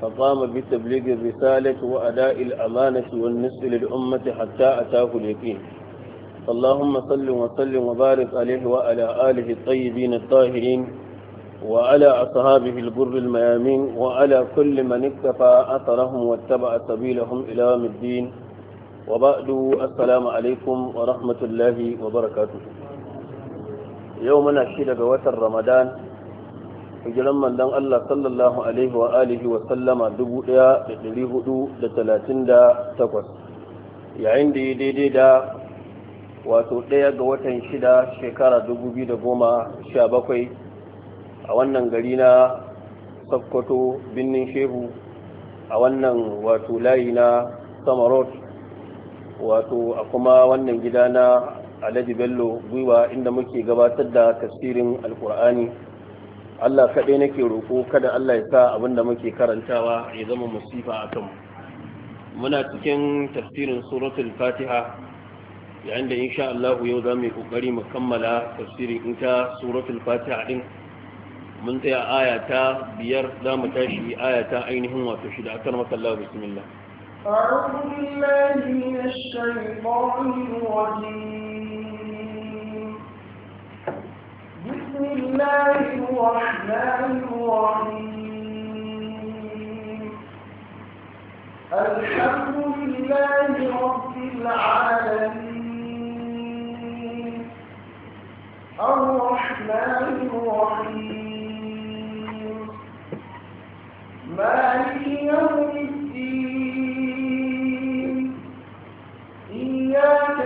فقام بتبليغ الرسالة وأداء الأمانة والنصر للأمة حتى أتاه اليقين اللهم صل وسلم وبارك عليه وعلى آله الطيبين الطاهرين وعلى أصحابه البر الميامين وعلى كل من اكتفى أثرهم واتبع سبيلهم إلى يوم الدين وبعد السلام عليكم ورحمة الله وبركاته يومنا شيدة وتر رمضان hijiran mandan Allah sallallahu alaihi wa alihi wa sallama 1438 yayin da ya daidai da wato ɗaya ga watan shida shekara 2017 a wannan gari na sakkwato binnin shehu a wannan wato layi na samarot wato a kuma wannan gida na alhaji bello gwiwa inda muke gabatar da tasirin alkur'ani Allah kaɗai nake roƙo kada Allah ya sa abin da muke karantawa ya zama musifa a kanmu muna cikin tafsirin suratul fatiha yayin da insha Allah yau za mu yi ƙoƙari mu kammala tafsirin ita suratul fatiha din mun tsaya aya ta biyar za mu tashi aya ta ainihin wato shida akan masallah bismillah أعوذ بالله من الشيطان الرجيم الله الرحمن الرحيم الحمد لله رب العالمين الرحمن الرحيم يوم الدين إياك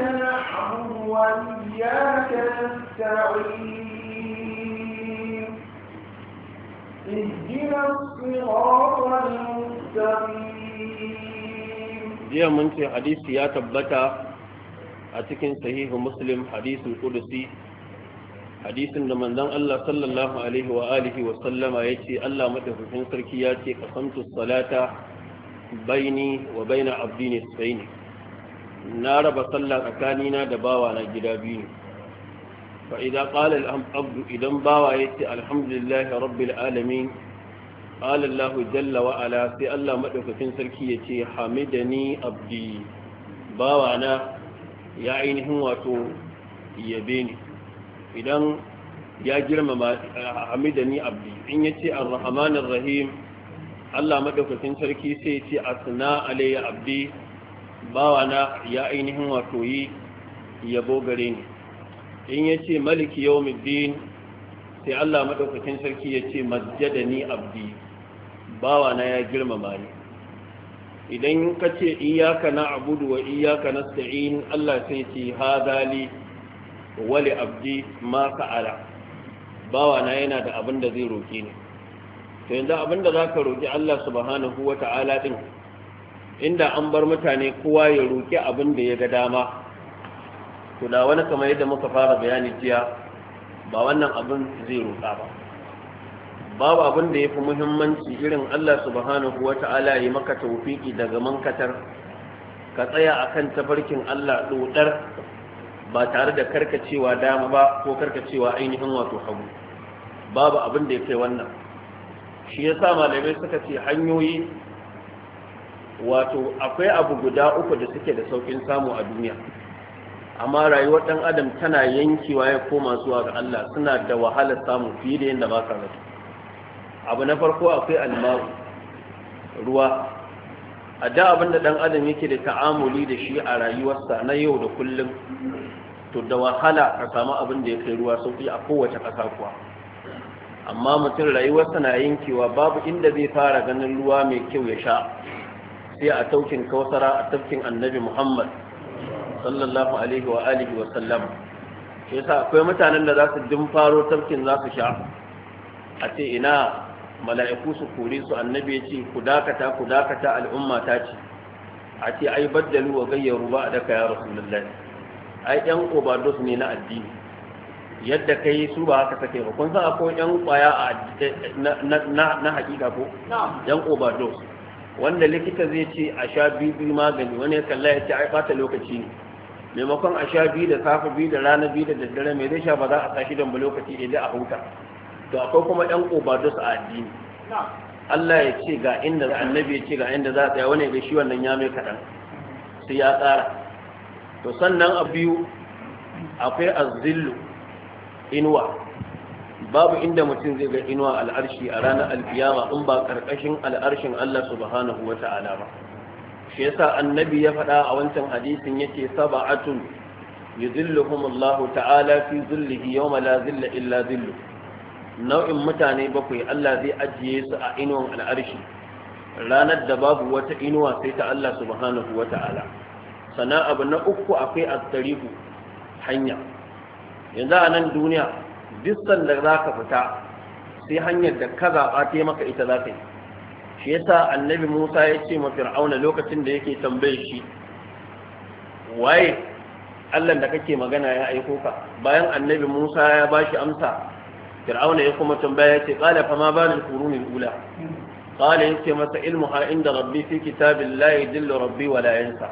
وإياك نستعين jiya mun ce hadisi ya tabbata a cikin sahihu muslim hadisin kudusi hadisin da manzon Allah sallallahu alaihi wa alihi wa sallama yace Allah madaukakin sarki ya ce qasamtu salata baini wa baina abdi nisfaini na raba sallah tsakanina da bawa na gida biyu ne فإذا قال الأبد إذا باويت الحمد لله رب العالمين قال الله جل وعلا في الله مدوكتين سلكية حمدني أبدي باوانا يا عينهم واتو يبيني إذا ya girmama hamidani abdi in yace ce arrahmanin rahim allah maɗaukacin sarki sai ce a suna abdi bawana ya ainihin wato yi yabo gare ni in ya ce maliki yau middin sai Allah maɗaukakin sarki ya ce majjada ni abdi bawa na ya girmama ni idan ka ce iyaka na abudu wa iyaka na Sa'in, Allah sai ce hadali wali abdi ma ka'ala bawa na yana da abin da zai roƙe ni to yanzu abin da za ka roƙi Allah subhanahu wa ta'ala ɗin inda an bar mutane kowa ya roƙi abin da ya ga dama to da wani kamar yadda muka fara bayani jiya ba wannan abin zai roƙa ba babu abin da ya fi muhimmanci irin Allah subhanahu wa ta'ala ya maka tawfiki daga mankatar ka tsaya akan tafarkin Allah dodar ba tare da karkacewa dama ba ko karkacewa ainihin wato hagu babu abin da ya kai wannan shi ya sa malamai suka ce hanyoyi wato akwai abu guda uku da suke da saukin samu a duniya amma rayuwar ɗan adam tana yankewa ya koma zuwa ga Allah suna da wahalar samu fiye da yadda ba ka zato abu na farko akwai almaru ruwa a da abin da ɗan adam yake da ta'amuli da shi a rayuwarsa na yau da kullum to da wahala a samu abin da ya kai ruwa sauƙi a kowace ƙasa kuwa amma mutum rayuwarsa na yankewa babu inda zai fara ganin ruwa mai kyau ya sha sai a taukin kawsara a tafkin annabi muhammad sallallahu alaihi wa alihi wa sallam shi yasa akwai mutanen da za su din faro tafkin za su sha a ce ina mala'iku su kore su annabi ya ce ku dakata ku dakata al'umma ta ce a ce ai baddalu wa gayyaru ba a daka ya rasulullahi ai yan obados ne na addini yadda kai su ba haka take ba kun san akwai yan kwaya a na hakika ko yan obados wanda likita zai ce a sha bibi magani wani ya kalla ya ce ai bata lokaci ne maimakon a sha biyu da safe biyu da rana biyu da daddare mai zai sha ba za a tashi don ba lokaci da a huta to akwai kuma yan obados a addini Allah ya ce ga inda annabi ya ce ga inda za a tsaya wani ga shi wannan ya mai kaɗan sai ya tsara to sannan a biyu akwai azillu inuwa babu inda mutum zai ga inuwa al'arshi a ranar alkiyama in ba ƙarƙashin al'arshin Allah subhanahu wa ta'ala ba shi yasa annabi ya faɗa a wancan hadisin yake saba'atun yuzilluhum Allah ta'ala fi zillihi yawma la zilla illa zillu nau'in mutane bakwai Allah zai ajiye su a inuwan al'arshi ranar da babu wata inuwa sai ta Allah subhanahu wata'ala sana abu na uku akwai at-tariqu hanya yanzu a nan duniya duk da zaka fita sai hanyar da ka zaɓa ita za ka yi shi yasa annabi Musa ya ce ma Fir'auna lokacin da yake tambayar shi waye Allah da kake magana ya aiko ka bayan annabi Musa ya bashi amsa Fir'auna ya kuma tambaya ya ce qala fa ma balul qurunil ula qala yace masa ilmuha inda rabbi fi kitabillahi dillu rabbi wa la yansa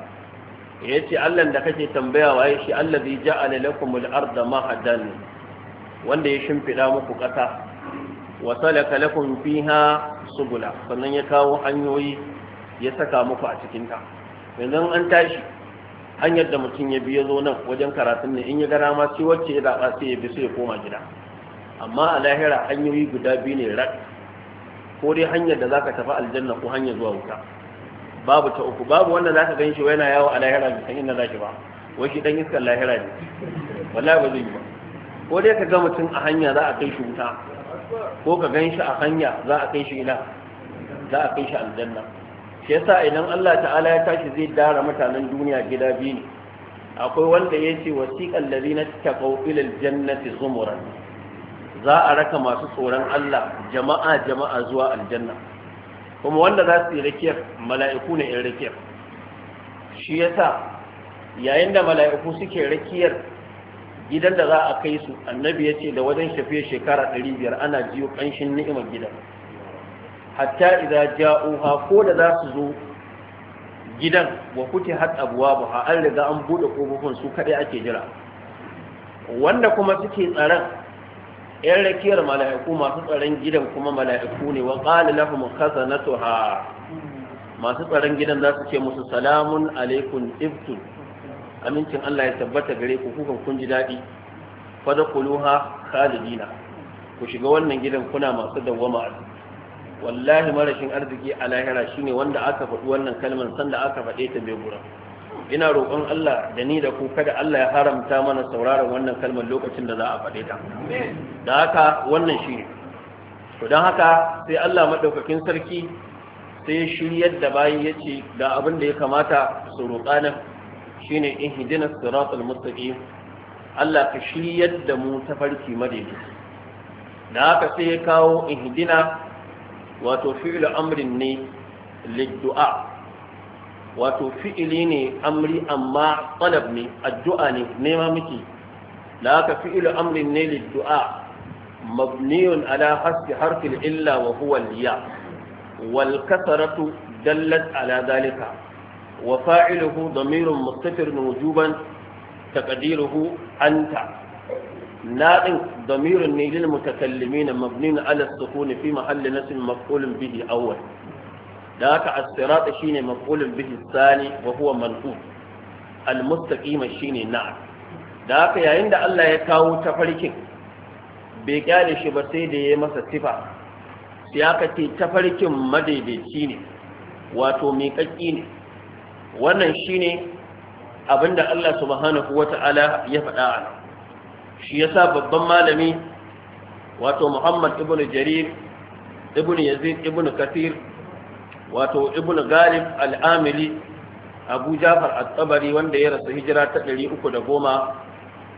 yace Allah da kake tambaya waye shi allazi ja'ala lakumul arda mahadan wanda ya shimfida muku kasa wa salaka lakum fiha subula sannan ya kawo hanyoyi ya saka muku a cikin ta yanzu an tashi hanyar da mutum ya biya zo nan wajen karatun ne in ya gara ma shi wacce ya zaɓa sai ya bi sai ya koma gida amma a lahira hanyoyi guda biyu ne rak ko dai hanyar da zaka tafi aljanna ko hanyar zuwa wuta babu ta uku babu wanda zaka gan shi yana yawo a lahira bai san inda zaki ba wai shi dan iskar lahira ne wallahi ba zai yi ba ko dai ka ga mutum a hanya za a kai shi wuta ko ka gan shi a hanya za a kai shi ina za a kai shi aljanna shi yasa idan Allah ta'ala ya tashi zai dara mutanen duniya gida biyu ne akwai wanda ya ce wasiqal ladina taqaw ila aljannati zumuran za a raka masu tsoron Allah jama'a jama'a zuwa aljanna kuma wanda za su yi rakiyar mala'iku ne in rakiyar shi yasa yayin da mala'iku suke rakiyar gidan da za a kai su annabi ya ce da wajen shafe shekara biyar ana jiyo ƙanshin ni'imar gidan hatta idza ja'uha ko da za su zo gidan wa kuti hat a an riga an bude kofofin su kadai ake jira wanda kuma suke tsaron yan rakiyar mala'iku masu tsaron gidan kuma mala'iku ne wa qala lahum khazanatuha masu tsaron gidan za su ce musu salamun alaikum ibtu amincin Allah ya tabbata gare ku kukan kun ji daɗi fadakuluha khalidina ku shiga wannan gidan kuna masu dawwama a wallahi marashin arziki a lahira shine wanda aka faɗi wannan kalmar sanda aka faɗe ta bai gura ina roƙon Allah da ni da ku kada Allah ya haramta mana sauraron wannan kalmar lokacin da za a faɗe ta da haka wannan shine to don haka sai Allah madaukakin sarki sai shiryar da bayi ya ce ga abin da ya kamata su roƙa nan shine ihdinas siratal mustaqim Allah ka shiryar da mu ta farki madaidaici da haka sai ya kawo ihdina wato fi'il amrin ne liddu'a wato fi'ili ne amri amma talab ne addu'a ne nema miki da haka fi'il amrin ne liddu'a mabniyun ala hasbi harfil illa wa huwa liya wal kasaratu dallat ala zalika وفاعله ضمير مستتر وجوبا تقديره أنت نائم ضمير للمتكلمين مبني على السكون في محل نسب مفعول به أول ذاك الصراط شين مفعول به الثاني وهو منقول المستقيم شين نعم ذاك يا عند الله يكاو تفريكين بيقال شي بس sai da ya masa sifa sai aka ce tafarkin madaidaici ne wato miƙaƙƙi ne wannan shine abinda Allah subhanahu wata'ala ya faɗa a nan shi yasa babban malami wato Muhammad ibn Jarir ibn Yazid ibn Kathir wato ibn Galib al-Amili Abu Jafar at-Tabari wanda ya rasu hijira ta 310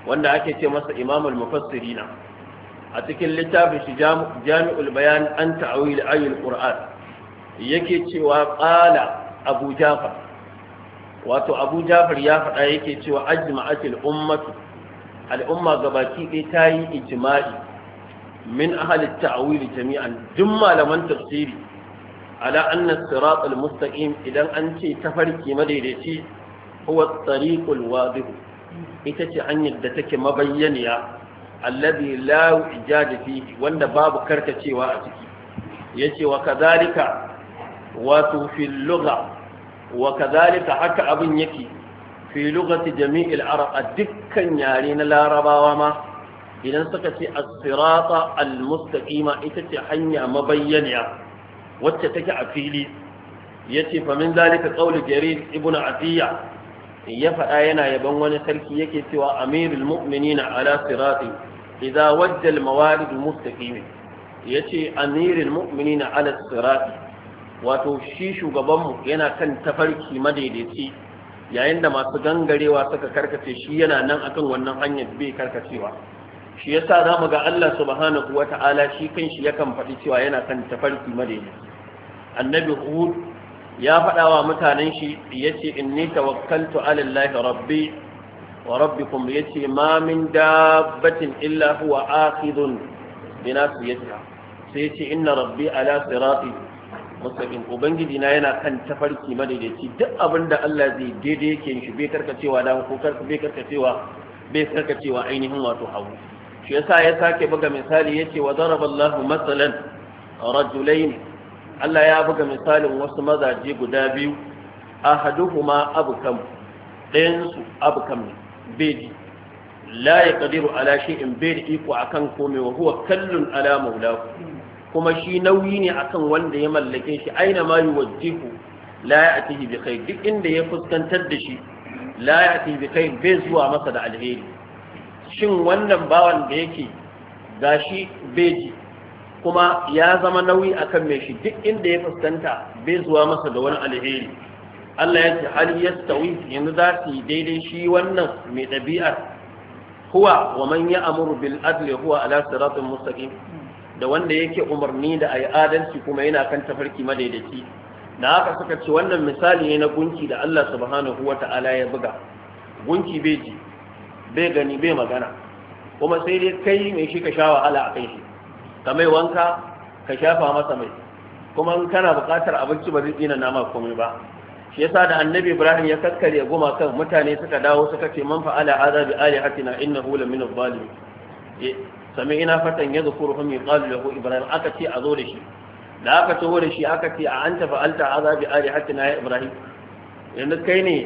wanda ake ce masa Imam al-Mufassirina a cikin littafin shi Jami'ul Bayan an ta'awil ayil Qur'an yake cewa qala Abu Jafar wato abu jafar ya faɗa yake cewa ajma'atil ummatu al'umma gabaki ɗaya ta yi ijima'i min ahalin ta'wil jami'an duk malaman tafsiri ala anna sirat al-mustaqim idan an ce tafarki madaidaici huwa tariqul wadih ita ce hanyar da take mabayyaniya alladhi la ijad fihi wanda babu karkacewa a ciki yace wa kadhalika wato fil lugha wa kazalika haka abin yake filugaci lugati jami'il arab a dukkan yare na larabawa ma idan suka ce as-sirata al-mustaqima ita ce hanya mabayyaniya wacce take a fili yace fa min zalika qawl jarir ibnu ya faɗa yana yaban wani sarki yake cewa amirul mu'minina ala sirati idza wajja al-mawarid yace amirul mu'minina ala sirati wato shi shugabanmu yana kan tafarki madaidaici yayin da masu gangarewa suka karkace shi yana nan akan wannan hanyar bai karkacewa shi ya sa mu ga Allah subhanahu wata'ala shi kanshi yakan faɗi cewa yana kan tafarki madaidaici annabi hud ya faɗa wa mutanen shi yace inni tawakkaltu ala allahi rabbi wa rabbikum yace ma min dabbatin illa huwa akhidun bi nasiyatiha sai yace inna rabbi ala sirati mustaqim ubangiji na yana kan tafarki madaidaici duk abin da Allah zai daidai yake shi bai karkacewa dan ko bai karkacewa bai karkacewa ainihin wato hagu shi yasa ya sake buga misali yace wa daraballahu masalan rajulain Allah ya buga misalin wasu mazaje guda biyu ahaduhuma abkam ɗayan su abkam ne beji la yaqdiru ala shay'in bai iko akan komai wa huwa kallun ala maulahu kuma shi nauyi ne akan wanda ya mallake shi aina ma yuwajjihu la ya'tihi bi khair duk inda ya fuskantar da shi la ya'tihi bi khair bai zuwa masa da alheri shin wannan bawan da yake gashi ji kuma ya zama nauyi akan mai shi duk inda ya fuskanta bai zuwa masa da wani alheri Allah ya ce hal yastawi yanzu za su yi daidai shi wannan mai ɗabi'ar huwa wa man amuru bil adli huwa ala siratin mustaqim da wanda yake umarni da ayi adalci kuma yana kan tafarki madaidaici da haka suka ce wannan misali ne na gunki da Allah subhanahu wata'ala ya buga gunki bai ji bai gani bai magana kuma sai dai kai mai shi ka sha wahala a kai shi ka mai wanka ka shafa masa mai kuma in kana buƙatar abinci ba zai tsina nama komai ba shi yasa da annabi ibrahim ya kakkare goma kan mutane suka dawo suka ce man fa'ala hadha bi alihatina innahu la min adh eh, sami ina fatan ya zukuru hum yuqalu lahu ibrahim aka ce a zo da shi da aka taho da shi aka ce a an tafi anta fa'alta hadha bi alihatina ya ibrahim yanzu kai ne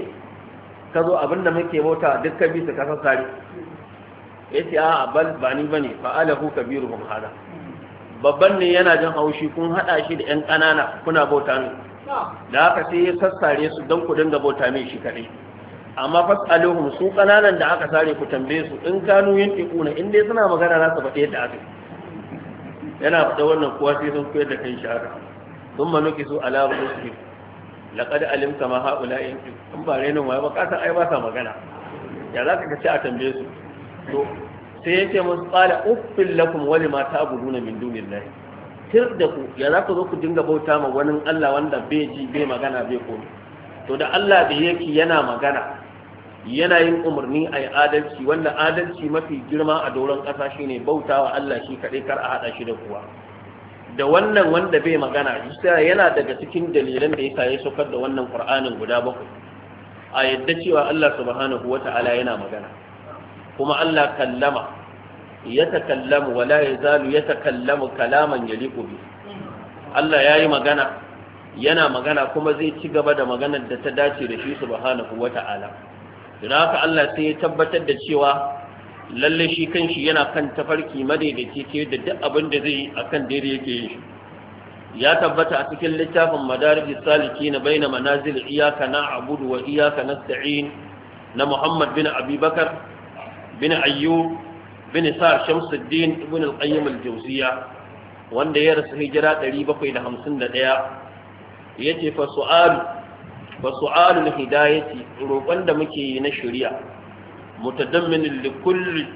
ka zo abinda muke bauta duk ka bi su ka Ya ce a bal ba ni bane Kabiru, mun hada babban ne yana jin haushi kun hada shi da yan kanana kuna bauta ne da aka ce ya sassare su don ku dinga bauta mai shi kadai amma fas'aluhum su kananan da aka sare ku tambaye su in kanu ikuna, in dai suna magana na su faɗi yadda aka yana faɗa wannan kuwa sai sun koyar da kan shara sun manuki su ala rusul laqad alimta ma haula yantiq in ba renin waye ba kasan ai ba sa magana ya za ka ci a tambaye su to sai yake mun tsala uffil lakum wa lima ta'buduna min dunillahi tir da ku ya za ku zo ku dinga bauta ma wani Allah wanda bai ji bai magana bai komi to da Allah da yake yana magana yana yin umarni a yi adalci wanda adalci mafi girma a doron ƙasa shine bautawa Allah shi kaɗai kar a haɗa shi da kuwa da wannan wanda bai magana isa yana daga cikin dalilan da yasa ya saukar da wannan Qur'anin guda bakwai a yadda cewa Allah subhanahu wata'ala yana magana kuma Allah kallama ya takallamu wala yazalu ya takallamu kalaman ya bi Allah yayi magana yana magana kuma zai ci gaba da maganar da ta dace da shi subhanahu wata'ala don haka Allah sai ya tabbatar da cewa lalle shi kanshi yana kan tafarki madaidaici ce da duk abin da zai akan daidai yake yin shi ya tabbata a cikin littafin madarij saliki na baina manazil iyaka na abudu wa iyaka nasta'in na Muhammad bin Abi bin Ayyub bin Sa Shamsuddin ibn al-Qayyim al-Jawziyya wanda ya rasu hijira 751 yace fa su'al wa su'alul hidayati roƙon da muke yi na shari'a mutadammin li kulli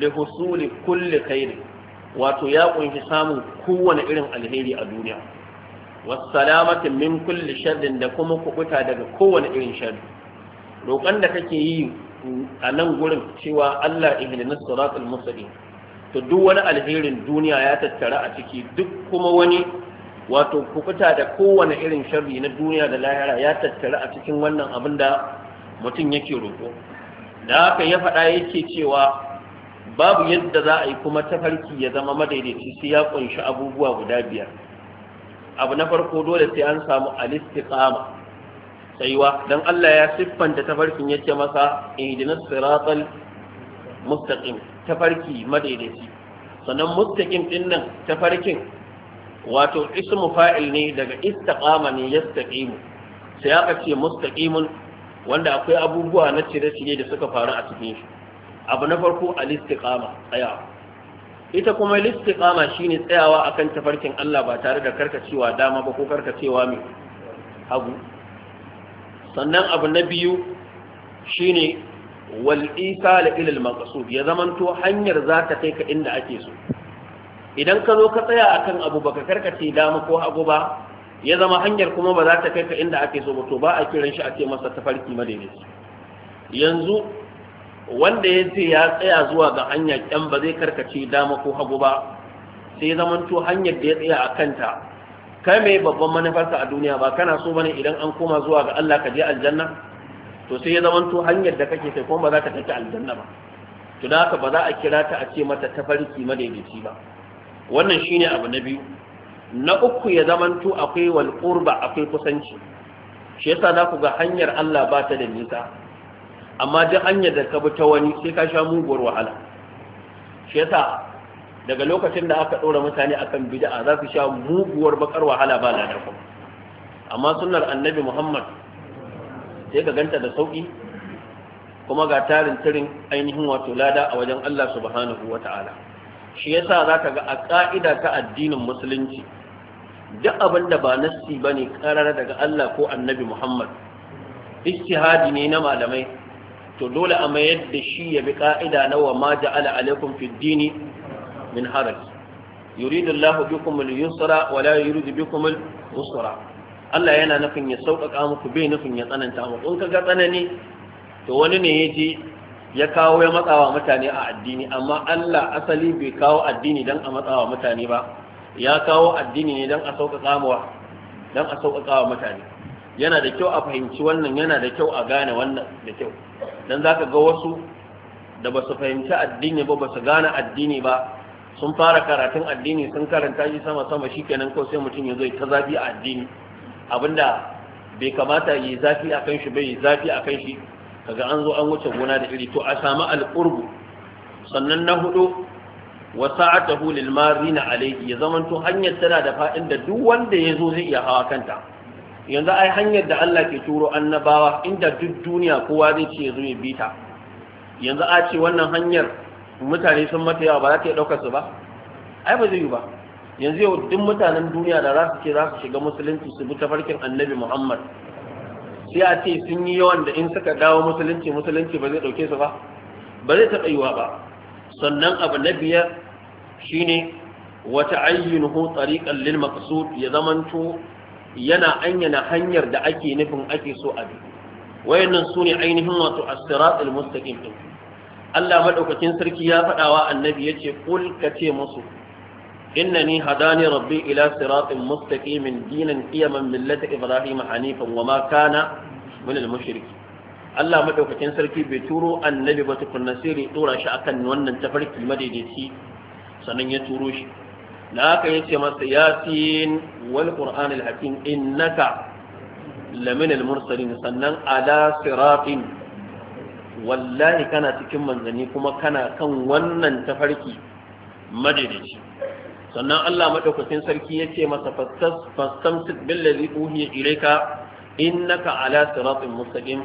li wato ya kunshi samun kowane irin alheri a duniya wassalamati min kulli sharrin da kuma kubuta daga kowane irin sharri roƙon da kake yi a nan gurin cewa Allah ihdinas siratal mustaqim to duk wani alherin duniya ya tattara a ciki duk kuma wani wato kukuta da kowane irin sharri na duniya da lahira ya tattara a cikin wannan abin da mutum yake roƙo da haka ya faɗa yake cewa babu yadda za a yi kuma tafarki ya zama madaidaici sai ya ƙunshi abubuwa guda biyar abu na farko dole sai an samu alistiqama Saiwa, dan Allah ya siffanta tafarkin yake masa ihdinas siratal mustaqim tafarki madaidaici sannan mustaqim din nan tafarkin wato ismu fa'il ne daga istaqama ne yastaqimu sai aka ce mustaqimun wanda akwai abubuwa na cire-cire da suka faru a cikin shi abu na farko a istiqama tsayawa ita kuma al istiqama shine tsayawa akan tafarkin Allah ba tare da karkacewa dama ba ko karkacewa mai hagu sannan abu na biyu shine wal isal ila al ya zamanto hanyar za ta kai ka inda ake so idan ka zo ka tsaya a kan abu baka karkace dama ko hagu ba ya zama hanyar kuma ba za ta kai ka inda ake so ba to ba a kiran shi a ce masa tafarki madaidaici yanzu wanda ya ce ya tsaya zuwa ga hanya ƙyan ba zai karkace dama ko hagu ba sai zama to hanyar da ya tsaya a kanta kai mai babban manufarsa a duniya ba kana so bane idan an koma zuwa ga Allah ka je aljanna to sai ya zama to hanyar da kake kai kuma ba za ta kai aljanna ba to da haka ba za a kira ta a ce mata tafarki madaidaici ba wannan shine abu na biyu na uku ya zamantu akwai wal qurba akwai kusanci shi yasa za ku ga hanyar Allah ba ta da nisa amma duk hanyar da ka bi ta wani sai ka sha muguwar wahala shi yasa daga lokacin da aka ɗora mutane akan bid'a za su sha muguwar bakar wahala ba da ku amma sunnar annabi Muhammad sai ka ganta da sauƙi. kuma ga tarin tirin ainihin wato lada a wajen Allah subhanahu wata'ala shi yasa zaka ga a ka'ida ta addinin musulunci duk abin da ba nassi bane karar daga Allah ko Annabi Muhammad ijtihadi ne na malamai to dole a mayar da shi ya bi ka'ida na wa ma ja'ala alaikum fid dini min haraj yuridu Allah bikum al-yusra wa la yuridu bikum al-usra Allah yana nufin ya sauƙaƙa muku bai nufin ya tsananta muku in kaga tsanani to wani ne ya je ya kawo ya matsawa mutane a addini amma Allah asali bai kawo addini don a matsawa mutane ba ya kawo addini ne don a sauƙaƙa wa mutane yana da kyau a fahimci wannan yana da kyau a gane wannan da kyau don za ka ga wasu da ba su fahimci addini ba ba su gane addini ba sun fara karatun addini sun karanta shi sama-sama shi kenan ko sai mutum ya zo ta zafi a addini abinda bai kamata yi zafi a kan shi bai yi zafi a kan shi kaga an zo an wuce gona da iri to a samu alqurbu sannan na hudu wa sa'atahu lil marina alayhi ya zamanto hanyar tana da fa'in da duk wanda ya zo zai iya hawa kanta yanzu ai hanyar da Allah ke turo annabawa inda duk duniya kowa zai ce ya zo ya bita yanzu a ce wannan hanyar mutane sun mata yawa ba za ta iya ɗaukar su ba ai ba zai yi ba yanzu yau duk mutanen duniya da za su ce za su shiga musulunci su bi tafarkin annabi muhammad sai a ce sun yi yawan da in suka dawo musulunci musulunci ba zai ɗauke su ba ba zai taɓa yiwa ba sannan abu na biyar shine wata ayyunuhu tsariƙan lil maqsud ya zamanto yana anyana hanyar da ake nufin ake so a bi wayannan su ne ainihin wato as-siratul mustaqim Allah madaukakin sarki ya faɗawa annabi yace kul ce musu innani hadani rabbi ila siratin mustaqimin dinan qiyaman millati ibrahim hanifan wama kana min al-mushriki Allah madaukakin sarki bai turo annabi ba tukunna sirri tura shi akan wannan tafarki madaidaici sannan ya turo shi da haka ce masa yasin wal qur'an al-hakim innaka lamin al-mursalin sannan ala siratin wallahi kana cikin manzanni kuma kana kan wannan tafarki madaidaici sannan Allah madaukakin sarki yace masa fastamsik billazi uhiya ilayka innaka ala siratin mustaqim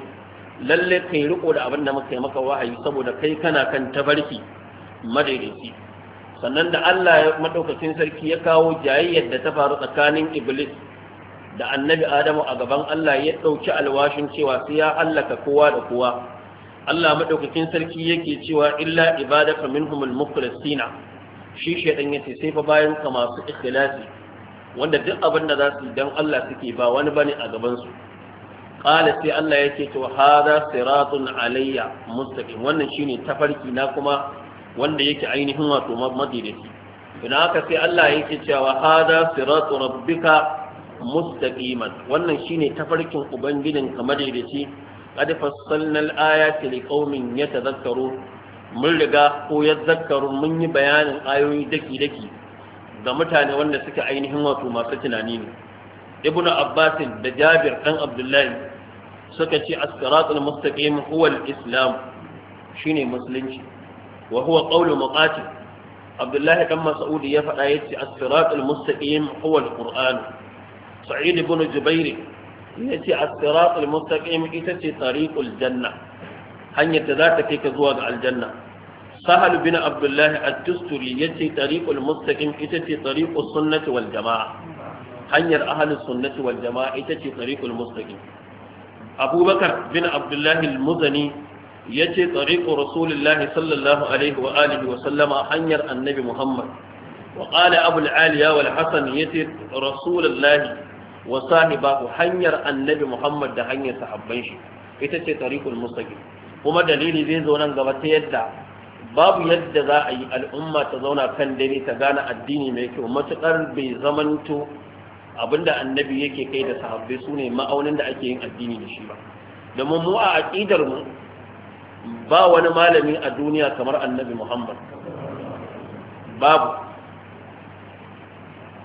lalle kai riko da abin da muka yi maka wahayi saboda kai kana kan tabarki madaidaici sannan da Allah madaukakin sarki ya kawo jayayyar da ta faru tsakanin iblis da annabi adamu a gaban Allah ya dauki alwashin cewa sai ya hallaka kowa da kowa Allah madaukakin sarki yake cewa illa ibadaka minhumul mukhlasina shi shaidan yace sai fa bayan ka masu ikhlasi wanda duk abin da za su yi dan Allah suke ba wani bane a gabansu. ƙala sai Allah yake to hada siratun alayya mustaqim wannan shine tafarki na kuma wanda yake ainihin wato madidaci ina ka sai Allah yake cewa hada siratu rabbika mustaqiman wannan shine tafarkin ubangijin kamar da ce qad fassalna al-ayati liqaumin yatadhakkarun mun riga ko ya zakaru mun yi bayanin ayoyi daki-daki ga mutane wanda suka ainihin wato masu tunani ne ibnu abbasin da jabir dan abdullahi suka ce as-siratul mustaqim huwa islam shine musulunci wa huwa qawlu muqatil abdullahi dan mas'ud ya faɗa yace as-siratul mustaqim huwa al-qur'an sa'id ibn jubair yace as-siratul mustaqim ita ce tariqul janna hanyar da za ta kai ka zuwa ga aljanna sahal bin abdullah at-tusturi yace tariqul mustaqim ita ce tariqus sunnati wal jamaa hanyar ahlus sunnati wal jamaa ita ce tariqul mustaqim abubakar bin abdullah al-muzani yace tariqu rasulillahi sallallahu alaihi wa alihi wa sallama hanyar annabi muhammad wa qala abul aliya wal hasan yace rasulullahi wa sahibahu hanyar annabi muhammad da hanyar sahabban shi ita ce tariqul mustaqim kuma dalili zai zo nan gaba ta yadda babu yadda za a yi al'umma ta zauna kan dare ta gane addini mai kyau matuƙar bai zamanto abinda annabi yake kai da sahabbai su ne ma'aunin da ake yin addini da shi ba domin mu a aƙidar mu ba wani malami a duniya kamar annabi muhammad babu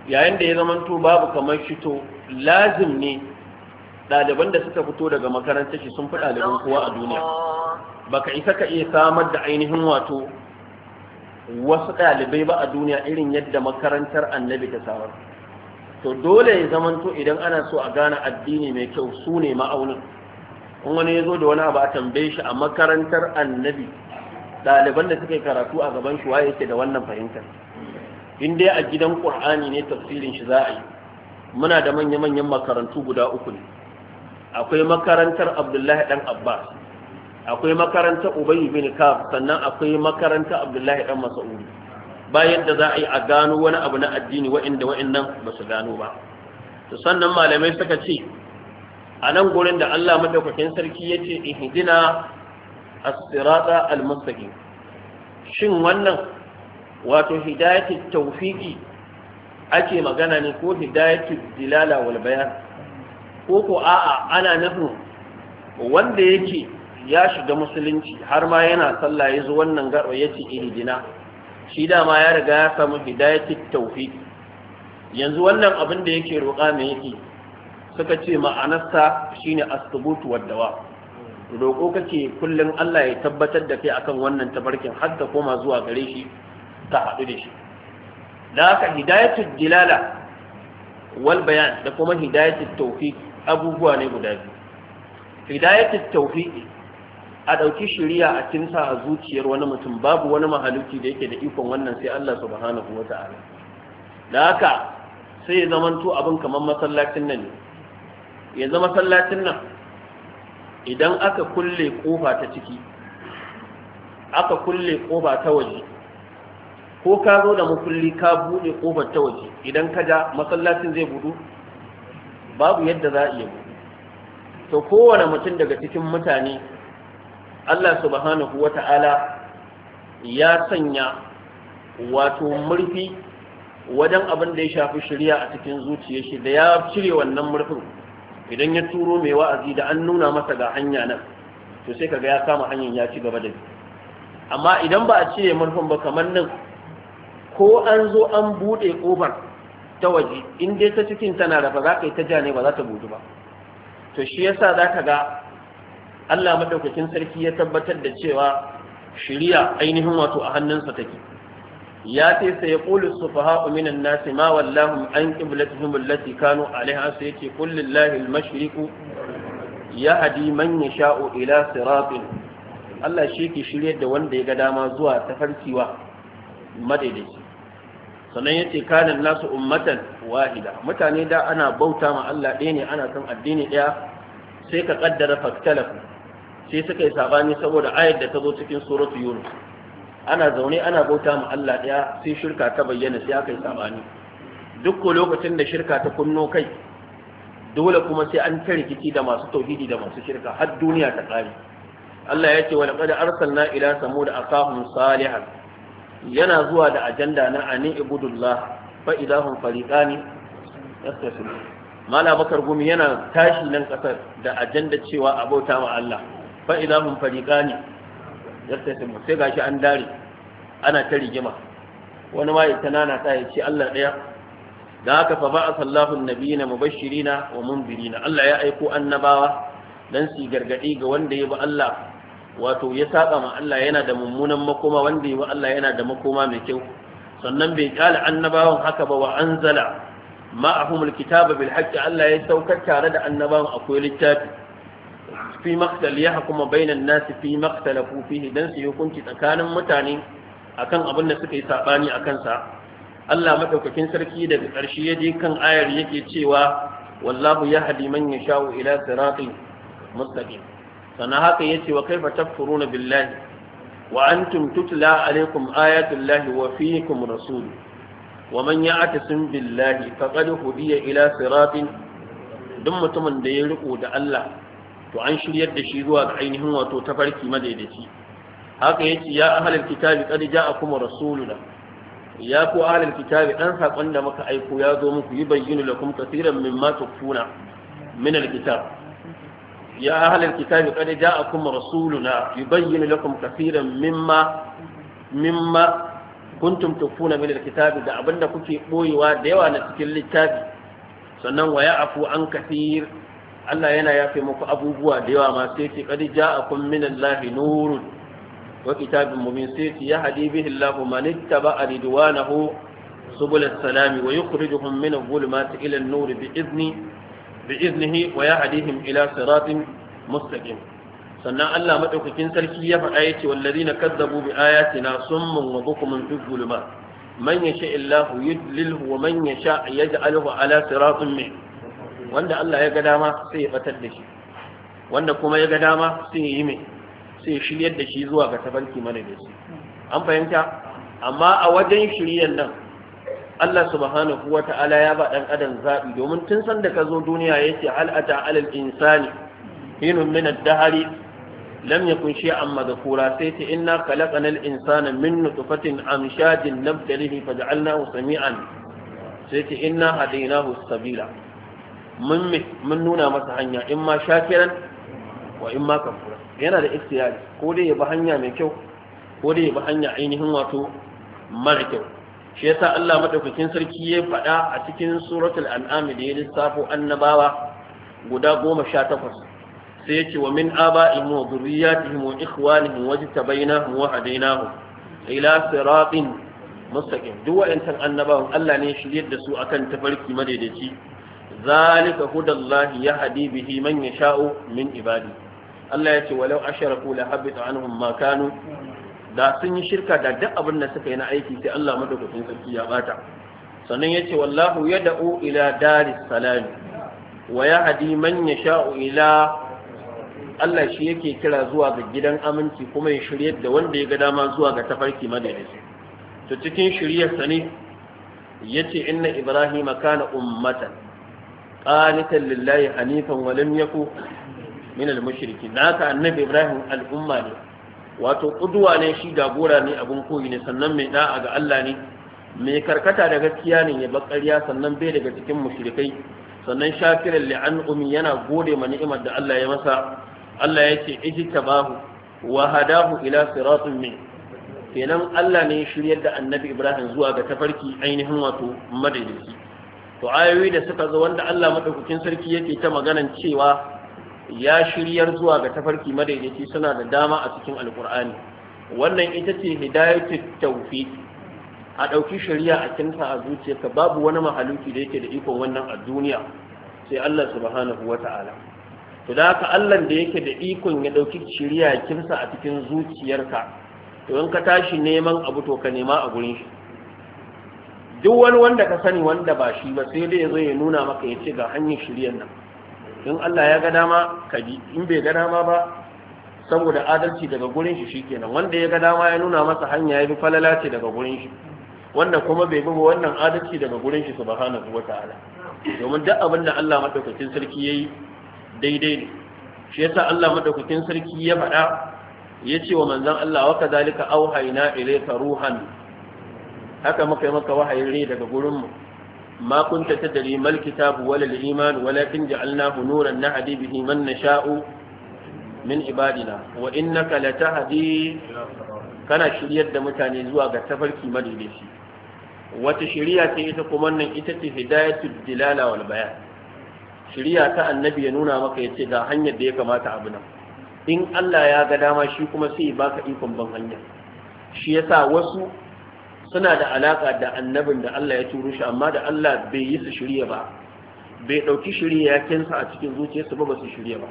yayin da ya zamanto babu kamar shito lazim ne ɗaliban da suka fito daga makarantar shi sun fi ɗaliban kowa a duniya baka isa ka iya samar da ainihin wato wasu ɗalibai ba a duniya irin yadda makarantar annabi ta samar to dole ya zamanto idan ana so a gane addini mai kyau su ne ma'aunin in wani ya zo da wani abu a tambaye shi a makarantar annabi ɗaliban da suka yi karatu a gaban shi waye yake da wannan fahimtar in dai a gidan ƙur'ani ne tafsirin shi za a yi muna da manya-manyan makarantu guda uku ne akwai makarantar abdullahi dan Abba, akwai makarantar Ubayi bin kaf sannan akwai makarantar abdullahi dan mas'ud bayan da za a yi a gano wani abu na addini wa'inda wa'innan ba su gano ba to sannan malamai suka ce a nan gurin da Allah madaukakin sarki yace ihdina as-sirata al-mustaqim shin wannan wato hidayatul tawfiqi ake magana ne ko hidayatul dilala wal bayan ko ko a'a ana nufin wanda yake ya shiga musulunci har ma yana sallah ya zo wannan garba ya ce ihdina shi dama ya riga ya samu hidayatit tawfiq yanzu wannan abin da yake roƙa me yake suka ce ma'anarsa shine asbutu waddawa. wad-dawa roƙo kake kullum Allah ya tabbatar da kai akan wannan tabarkin har ka koma zuwa gare shi ta haɗu da shi da haka hidayatul dilala wal bayan da kuma hidayatul tawfiq abubuwa ne guda biyu hidayat tawfiqi a ɗauki shari'a a kinsa a zuciyar wani mutum babu wani mahaluki da yake da ikon wannan sai Allah subhanahu wata'ala ta'ala da haka sai ya to abin kamar masallacin nan ne ya zama masallacin nan idan aka kulle kofa ta ciki aka kulle kofa ta waje ko ka zo da makulli ka buɗe kofar ta waje idan ka ja masallacin zai budu babu yadda za a iya to kowane mutum daga cikin mutane Allah subhanahu Ta'ala, ya sanya wato murfi wajen abin da ya shafi shirya a cikin zuciyar shi da ya cire wannan murfin idan ya turo mai wa'azi da an nuna masa ga hanya nan to sai kaga ya kama hanyar ya ci gaba da amma idan ba a cire murfin ba kamar nan ko an zo an buɗe ƙofar ta waje in dai ta cikin tana rafa za ka yi ta ja ne ba za ta budu ba to shi yasa za ka ga Allah madaukakin sarki ya tabbatar da cewa shiriya ainihin wato a hannunsa take ya ce sai ya qulu sufaha minan nasi ma wallahu an qiblatihim allati kanu alaiha sai yace qul lillahi al-mashriqu yahdi man yasha'u ila siratin Allah shi ke shiryar da wanda ya ga dama zuwa tafarkiwa madaidaici sannan yace kana nasu ummatan wahida mutane da ana bauta ma Allah ɗaya ne ana kan addini ɗaya sai ka kaddara faktalafu sai suka yi sabani saboda ayar da ta zo cikin suratu yunus ana zaune ana bauta ma Allah ɗaya sai shirka ta bayyana sai aka yi sabani duk lokacin da shirka ta kunno kai dole kuma sai an ta rikici da masu tauhidi da masu shirka har duniya ta tsari Allah ya ce wa laqad arsalna ila samud akahun salihan yana zuwa da ajanda na ani ibudullah fa idahum fariqani yastasim mala bakar gumi yana tashi nan kasar da ajanda cewa abota wa Allah fa idahum fariqani yastasim sai gashi an dare ana ta rigima wani ma ita nana ta yace Allah ɗaya? da haka fa ba'a sallahu annabiyina mubashirina wa mundirina Allah ya aiko annabawa dan su gargadi ga wanda ya bi Allah wato ya saba ma Allah yana da mummunan makoma wanda yi wa Allah yana da makoma mai kyau sannan bai kala annabawan haka ba wa anzala ma'ahumul kitaba bil haqqi Allah ya saukar tare da annabawan akwai littafi fi maqtal yahkum bainan nas fi maqtalafu fihi dan su hukunci tsakanin mutane akan abin da suka yi sabani akan sa Allah madaukakin sarki daga ƙarshe ya je kan ayar yake cewa wallahu yahdi man yasha'u ila siratin mustaqim sannan haka yace wa kaifa tafkuruna billahi wa antum tutla alaikum ayatullahi wa fiikum rasul wa man ya'tasim billahi faqad hudiya ila siratin duk mutumin da ya riko da Allah to an shiryar da shi zuwa ga ainihin wato tafarki madaidaici haka yace ya ahlul kitabi qad ja'akum rasuluna ya ku ahlul kitabi dan sakon da muka aiko ya zo muku yi bayyinu lakum kaseeran mimma tukfuna min alkitab يا أهل الكتاب قد جاءكم رسولنا يبين لكم كثيرا مما مما kuntum tufuna min alkitabi da abinda kuke boyewa da yawa na cikin littafi sannan wa ya'fu an kathir Allah yana yafe maku abubuwa da yawa ma sai ce qad ja'akum min Allahi nurun wa kitabun mubin sai ce ya hadi bihi Allahu man ittaba'a ridwanahu subul as-salami wa yukhrijuhum min adh-dhulumati ila an-nur bi idni bi iznihi wa yahdihim ila siratin mustaqim sannan Allah madaukakin sarki ya faɗa ya yace wallazina kazzabu bi ayatina summun wa bukumun fi dhulumat man yasha illahu yudlilhu wa man yasha yaj'aluhu ala siratin min wanda Allah ya ga dama sai ya batar da shi wanda kuma ya ga dama sai ya yi mai sai ya shiryar da shi zuwa ga tabarki mana da shi an fahimta amma a wajen shiryan nan Allah subhanahu wa ta'ala ya ba ɗan adam zaɓi domin tun san da ka zo duniya ya ce hal'ata alal insani hinun min ad-dahari lam yakun da kura sai ce inna khalaqana al-insana min nutfatin amshajin nabtalihi faj'alnahu sami'an sai ce inna hadaynahu sabila mun mun nuna masa hanya in ma shakiran wa in ma kafura yana da ikhtiyari ko dai ya bi hanya mai kyau ko dai ya bi hanya ainihin wato mara kyau shi yasa Allah madaukakin sarki ya faɗa a cikin suratul an'am da ya lissafo annabawa guda goma sha takwas sai ya ce wa min aba'ihim wa dhurriyyatihim wa ikhwanihim wa tabainahum wa hadainahum ila siratin mustaqim duk wa'antan annabawan Allah ne shiryar da su akan tafarki madaidaici zalika hudallahi yahdi bihi man yasha'u min ibadi Allah ya ce walau asharaku la habita anhum ma kanu da sun yi shirka da duk abin da suka yi na aiki sai Allah madaukakin sarki ya bata sannan yace wallahu yad'u ila daris salam wa yahdi man yasha'u ila Allah shi yake kira zuwa ga gidan aminci kuma ya shirye da wanda ya ga dama zuwa ga tafarki madaidaci to cikin shiryarsa ne yace inna ibrahima kana ummatan qanitan lillahi hanifan wa lam yaku min al-mushrikin haka annabi ibrahim al-umma ne wato kuduwa ne shi jagora ne abin koyi ne sannan mai da'a ga Allah ne mai karkata da gaskiya ne ya bakariya sannan bai daga cikin mushrikai sannan shakirin li'an'umi yana gode ma ni'imar da Allah ya masa Allah ya ce ijtabahu wa hadahu ila siratin min kenan Allah ne ya shiryar da Annabi Ibrahim zuwa ga tafarki ainihin wato madaidaici to ayoyi da suka zo wanda Allah madaukakin sarki yake ta maganan cewa ya shiryar zuwa ga tafarki madaidaici suna da dama a cikin alkur'ani wannan ita ce hidayatul tawfiq a ɗauki shari'a a kinsa a zuciyarka babu wani mahaluki da yake da ikon wannan a duniya sai Allah subhanahu wata'ala to da haka Allah da yake da ikon ya ɗauki shari'a a kinsa a cikin zuciyarka to in ka tashi neman abu to ka nema a gurin shi duk wani wanda ka sani wanda ba shi ba sai dai ya zo ya nuna maka ya ce ga hanyar shari'ar nan in Allah ya ga dama ka bi in bai ga dama ba saboda adalci daga gurin shi shikenan wanda ya ga dama ya nuna masa hanya ya bi falala ce daga gurin shi wanda kuma bai bi wannan adalci daga gurin shi subhanahu wataala domin duk abin da Allah madaukakin sarki yayi daidai ne shi yasa Allah madaukakin sarki ya faɗa ya ce wa manzon Allah wa kadhalika auhayna ilayka ruhan haka muka yi maka wahayin rai daga gurin mu ما كنت تدري ما الكتاب ولا الإيمان ولكن جعلناه نورا نهدي به من نشاء من عبادنا وإنك لتهدي كان شريعة متاني زواغ تفلكي مدلسي وتشريعة إتكم أن إتت هداية الدلالة والبيان شريعة النبي نونا مكيتي دا هنيا ديك ما تعبنا in Allah ya ga dama shi kuma sai ya baka ikon ban hanya shi yasa wasu suna da alaka da annabin da Allah ya turu shi amma da Allah bai yi su shirye ba bai ɗauki shirye ya kinsa a cikin zuciyarsu ba su shirye ba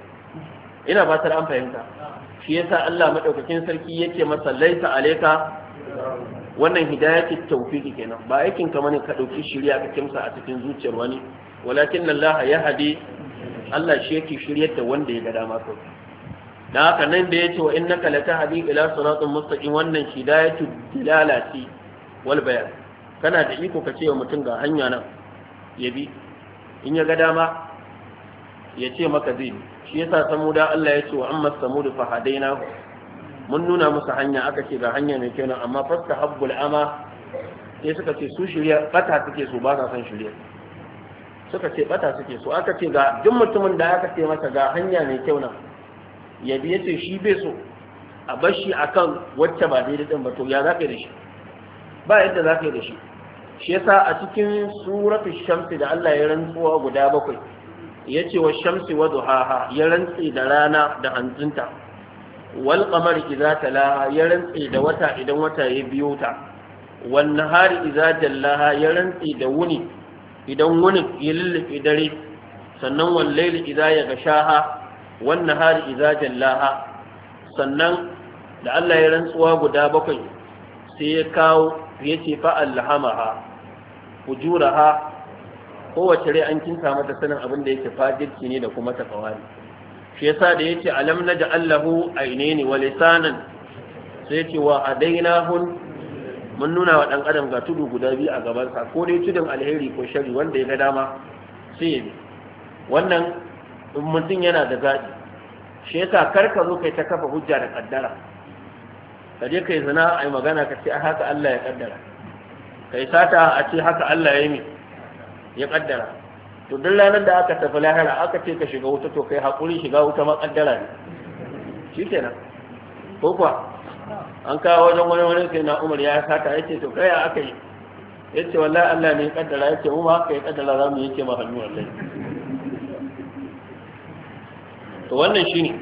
ina fatar an fahimta shi yasa Allah madaukakin sarki yake masa laisa alaika? wannan hidayatu tawfiqi kenan ba aikin ka mane ka dauki shirya ka kimsa a cikin zuciyar wani walakin Allah ya hadi Allah shi yake shiryar da wanda ya ga dama ko dan haka nan da ya ce, wa innaka latahdi ila siratin mustaqim wannan hidayatu dilalati wal bayan kana da iko ka ce wa mutum ga hanya nan ya bi in ya ga dama ya ce maka zai shi yasa samuda Allah ya ce wa amma samudu fa hadaina mun nuna musu hanya aka ce ga hanya mai kyau nan amma fasta habbul ama sai suka ce su shirya bata suke so ba sa son shirya suka ce bata suke so aka ce ga duk mutumin da aka ce masa ga hanya mai kyau nan ya bi ya ce shi bai so a bar shi akan wacce ba daidai din ba to ya zaɓe da shi ba yadda za ka yi da shi shi yasa a cikin suratul shamsi da Allah ya rantsuwa guda bakwai ya ce wa shamsi wa duhaha ya rantsi da rana da hanzunta. wal qamar idza talaha ya rantsi da wata idan wata ya biyo ta wan nahari idza jallaha ya rantsi da wuni idan wuni ya lullufe dare sannan wal layli idza yaghshaha wan nahari idza jallaha sannan da Allah ya rantsuwa guda bakwai sai ya kawo yace fa alhamaha ujuraha kowace rai an kinta mata sanin abin da yake fajirci ne da kuma takawari shi yasa da yace alam naja allahu ainaini wa lisanan sai yace wa adainahun mun nuna wa dan adam ga tudu guda biyu a gaban sa ko dai tudun alheri ko shari wanda ya ga dama sai ya bi wannan mutum yana da gadi shi yasa kar ka zo kai ta kafa hujja da kaddara ka je kai zina a yi magana ka ce a haka Allah ya kaddara kai sata a ce haka Allah ya yi ya kaddara to duk ranar da aka tafi lahira aka ce ka shiga wuta to kai hakuri shiga wuta ma kaddara ne shi nan ko kuwa an kawo wajen wani wani sai na umar ya sata ya ce to kai ya aka yi ya ce wallahi Allah ne ya kaddara ya ce mu ma aka yi kaddara za mu yi ce ma hannu wallahi to wannan shine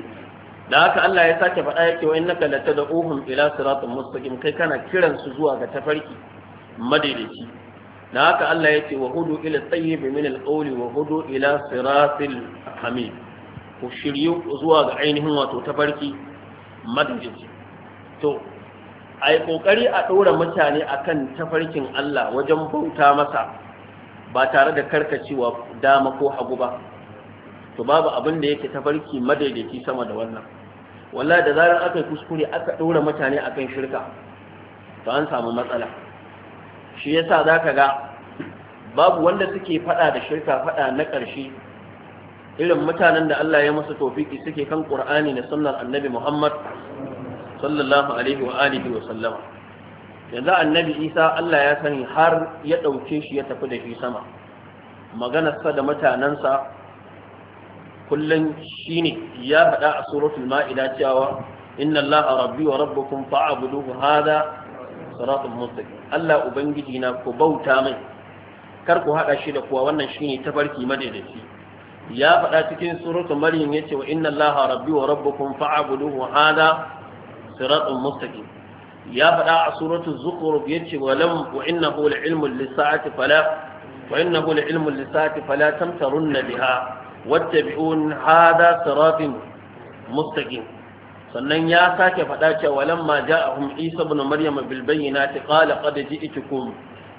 da haka Allah ya sake faɗa yake wa innaka la tad'uhum ila siratin mustaqim kai kana kiran su zuwa ga tafarki madaidaici da haka Allah yake wa hudu ila tayyib min al qawli wa hudu ila siratil hamid ku shiryu zuwa ga ainihin wato tafarki madaidaici to ai kokari a dora mutane akan tafarkin Allah wajen bauta masa ba tare da karkacewa dama ko hagu ba to babu abin da yake tafarki madaidaici sama da wannan Walla da zarar aka yi kuskure aka ɗora mutane akan shirka to an samu matsala shi yasa za ka ga babu wanda suke faɗa da shirka faɗa na ƙarshe irin mutanen da Allah ya masa tofiki suke kan Ƙur'ani da sunnar Annabi Muhammad sallallahu alaihi wa alihi wa sallama yanzu Annabi Isa Allah ya sani har ya ɗauke shi ya tafi da shi sama maganarsa da mutanensa kullum shine ya faɗa a suratul ma'ida cewa inna allaha rabbi wa rabbukum fa'buduhu hada mustaqim Allah ubangiji na ku bauta mai kar ku shi da kuwa wannan shine tafarki madaidaici ya faɗa cikin suratul maryam yace wa inna rabbi wa rabbukum hada siratal mustaqim ya faɗa a suratul zukhruf yace wa lam wa innahu la'ilmun fala wa innahu la'ilmun lis fala tamtarunna biha wattabi'un hada siratin mustaqim sannan ya sake faɗa cewa lamma ja'ahum Isa ibn Maryam bil bayyinati qala qad ji'tukum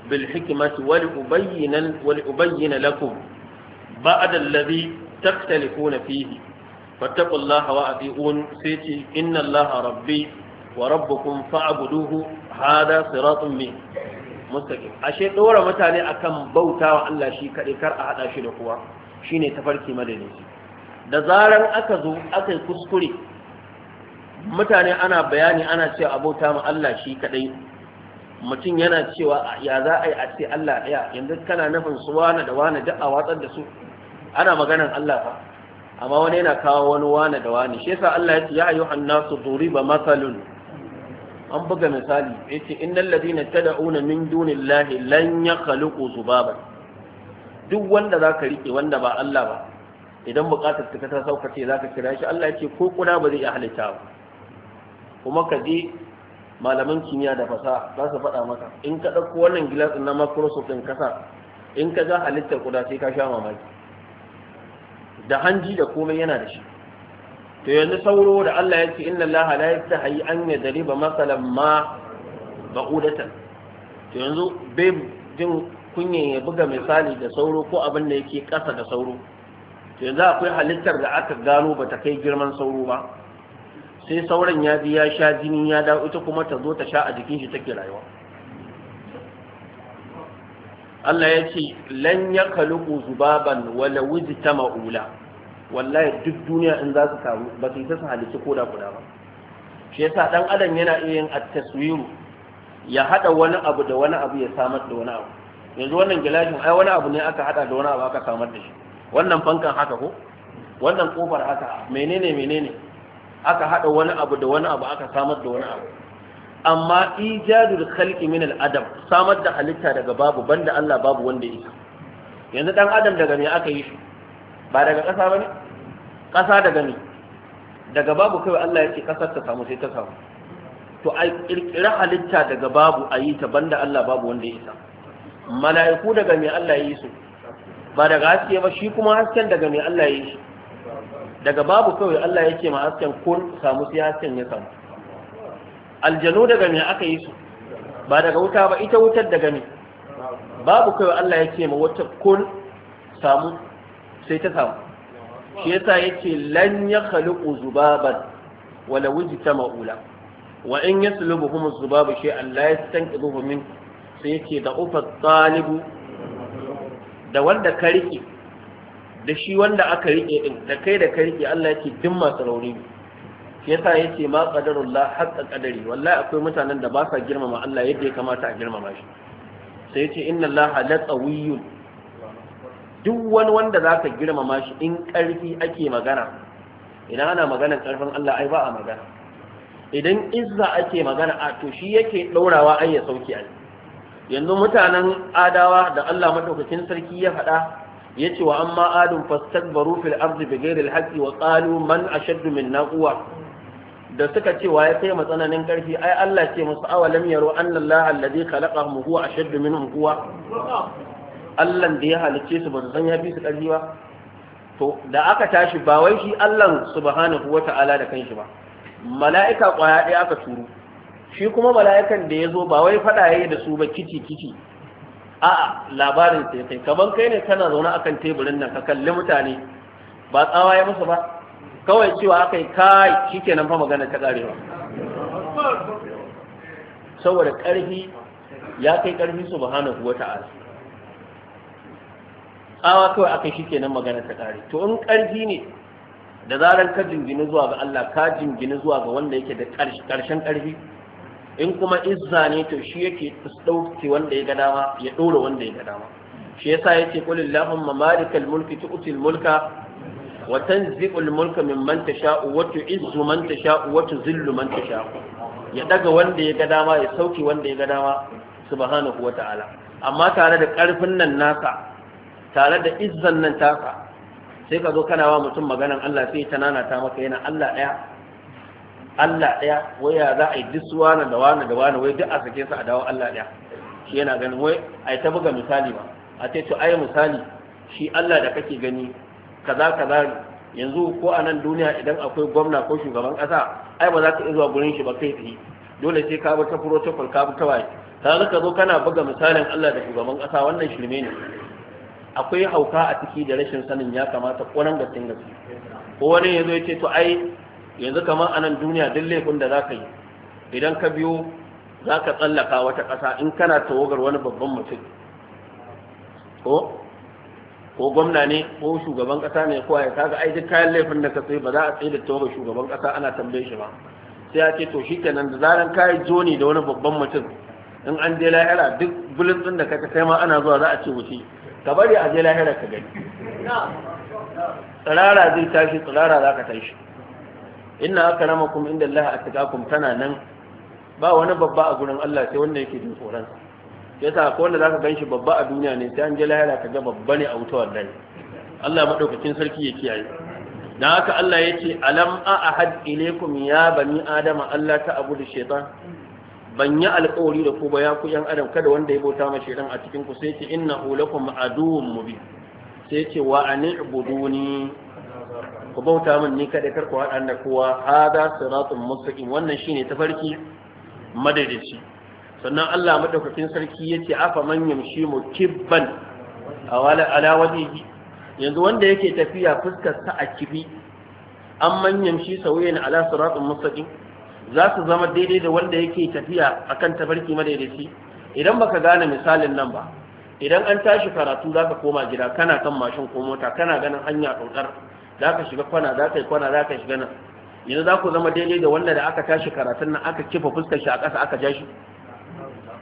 bil hikmati wal ubayyana wal ubayyana lakum ba'da alladhi takhtalifuna fihi fattaqullaha wa ati'un sayti inna Allaha rabbi wa rabbukum fa'buduhu hada siratun min mustaqim ashe dora mutane akan bautawa Allah shi kadai kar a hada shi da kuwa. shine tafarki madanici da zaran aka zo aka yi kuskure mutane ana bayani ana cewa abota ma Allah shi kaɗai. mutum yana cewa ya za a yi a ce Allah ɗaya yanzu kana nufin su wane da wane duk a watsar da su ana maganan Allah fa amma wani yana kawo wani wane da wane shi yasa Allah ya ce ya su nasu duriba masalun an buga misali yace innal ladina tad'una min dunillahi lan yakhluqu zubaban duk wanda za ka riƙe wanda ba Allah ba idan buƙatar ka ta sauka ce za ka kira shi Allah ya ce ko kuna ba zai iya halitta ba kuma ka je malaman kimiyya da fasaha za su faɗa maka in ka ɗauko wannan gilasin na microsoft ɗin kasa in ka ga halittar kuda sai ka sha mamaki da hanji da komai yana da shi to yanzu sauro da Allah ya ce inna Allah la yastahi an yadriba masalan ma ba'udatan to yanzu bai jin kunyan ya buga misali da sauro ko abin da yake ƙasa da sauro yanzu akwai halittar da aka gano bata kai girman sauro ba sai sauran ya bi ya sha jini ya dawo ita kuma ta zo ta sha a jikin shi take rayuwa Allah ya ce lan ya kaluku zubaban wala wuji ta ma'ula wallahi duk duniya in za su samu, ba su ta halitta ko da kuda ba shi yasa dan adam yana iya yin at-taswiru ya hada wani abu da wani abu ya samar da wani abu yanzu wannan gilashin ai wani abu ne aka hada da wani abu aka samar da shi wannan fankan haka ko wannan kofar haka menene menene aka hada wani abu da wani abu aka samar da wani abu amma ijadul khalqi min al adam samar da halitta daga babu banda Allah babu wanda yake yanzu dan adam daga me aka yi shi ba daga ƙasa bane ƙasa daga me daga babu kai Allah yake ƙasar ta samu sai ta samu to a kirkira halitta daga babu a yi ta banda Allah babu wanda yake isa mala'iku daga mai Allah ya yi su ba daga haske ba shi kuma hasken daga mai Allah ya yi shi daga babu kawai Allah yake ma hasken kun samu sai hasken ya samu aljanu daga mai aka yi su ba daga wuta ba ita wutar daga mai babu kawai Allah yake ma wata kun samu sai ta samu shi yasa yake lan ya khaliqu zubaban wala wujita ma'ula wa in yaslubuhum zubabu shay'an la yastanqidhuhu minhu sai ce da ufar talibu da wanda ka riƙe da shi wanda aka riƙe ɗin da kai da ka riƙe Allah yake duk masu rauni shi yasa yace ma qadarullah haqqa qadari wallahi akwai mutanen da ba sa girmama Allah yadda ya kamata a girmama shi sai yace inna Allah la qawiyyun duk wani wanda zaka girmama shi in ƙarfi ake magana idan ana maganar ƙarfin Allah ai ba a magana idan izza ake magana a to shi yake ɗaurawa ai ya sauke ai yanzu mutanen adawa da Allah madaukakin sarki ya faɗa ce wa amma adun fastakbaru fil ardi bighairi alhaqi wa qalu man ashaddu minna quwwa da suka ce wa ya kai matsananin karfi ai Allah ce musu awalam yaro annallaha alladhi khalaqahum huwa ashaddu minhum quwwa Allah da ya halicce su ba san ya fi su karfi ba to da aka tashi ba wai shi Allah subhanahu wata'ala da kanshi ba mala'ika kwaya ɗaya aka turu shi kuma mala'ikan da ya zo ba wai faɗa yayi da su ba kici kici a'a labarin sai kai kaban kai ne kana zaune akan teburin nan ka kalli mutane ba tsawa ya musu ba kawai cewa aka yi kai shikenan fa magana ta karewa saboda ƙarfi ya kai ƙarfi subhanahu wata'ala tsawa kawai aka shi nan magana ta kare to in ƙarfi ne da zarar ka jingini zuwa ga Allah ka jingini zuwa ga wanda yake da ƙarshen ƙarfi in kuma izza ne to shi yake ɗauke wanda ya ga dama ya ɗora wanda ya ga dama shi yasa yace qul allahumma malikal mulki tu'til mulka wa tanzi'ul mulka mimman tasha'u wa tu'izzu man tasha'u wa tuzillu man tasha'u ya daga wanda ya ga dama ya sauki wanda ya ga dama subhanahu wa ta'ala amma tare da karfin nan nasa tare da izzan nan tasa sai ka zo kana wa mutum maganan Allah sai ta nana ta maka yana Allah daya Allah ɗaya waya za a yi duk wani da wani da wani wai duk a sake su a dawo Allah ɗaya shi yana ganin wai a yi ta buga misali ba a ce to ai misali shi Allah da kake gani kaza kaza yanzu ko a nan duniya idan akwai gwamna ko shugaban ƙasa ai ba za ka zuwa gurin shi ba kai tsaye dole sai ka bi ta protocol ka bi ta waye kaga ka zo kana buga misalin Allah da shugaban ƙasa wannan shirme ne akwai hauka a ciki da rashin sanin ya kamata ƙwaran gaske gaske ko wani ya zo ya ce to ai yanzu kamar a nan duniya duk laifin da za ka yi idan ka biyo za ka tsallaka wata ƙasa in kana tawagar wani babban mutum ko ko gwamna ne ko shugaban ƙasa ne ko ya kaga ai duk kayan laifin da ka sai ba za a tsaye da tawagar shugaban ƙasa ana tambaye shi ba sai a ce to kenan da zaran kayi joni da wani babban mutum in an je lahira duk bulin da ka kai ma ana zuwa za a ce wuce ka bari a je lahira ka gani tsirara zai tashi tsirara za ka tashi inna aka akramakum inda Allah atqakum tana nan ba wani babba a gurin Allah sai wanda yake jin tsoron yasa ko wanda zaka ganshi babba a duniya ne sai an je lahira ga babba ne a wuta wallahi Allah madaukakin sarki ya kiyaye dan haka Allah yake alam a ahad ilaykum ya bani adama Allah ta abudu shaytan ban yi alƙawari da ku ba ya ku yan adam kada wanda ya bauta ma shaytan a cikin ku sai ce innahu lakum aduwwun mubin sai ce wa ani ibuduni ku bauta min ni kadai kar ku haɗa da kowa hada siratul mustaqim wannan shine tafarki madadici sannan Allah madaukakin sarki yace afa man yamshi mukibban awala ala wajhihi yanzu wanda yake tafiya fuskar sa a kibi an man yamshi sawiyan ala siratul mustaqim za su zama daidai da wanda yake tafiya akan tafarki madadici idan baka gane misalin nan ba idan an tashi karatu za ka koma gida kana kan mashin ko mota kana ganin hanya ɗaukar za ka shiga kwana za ka yi kwana za ka shiga nan yanzu za ku zama daidai da wanda da aka tashi karatun nan aka kifa fuskar shi a ƙasa aka ja shi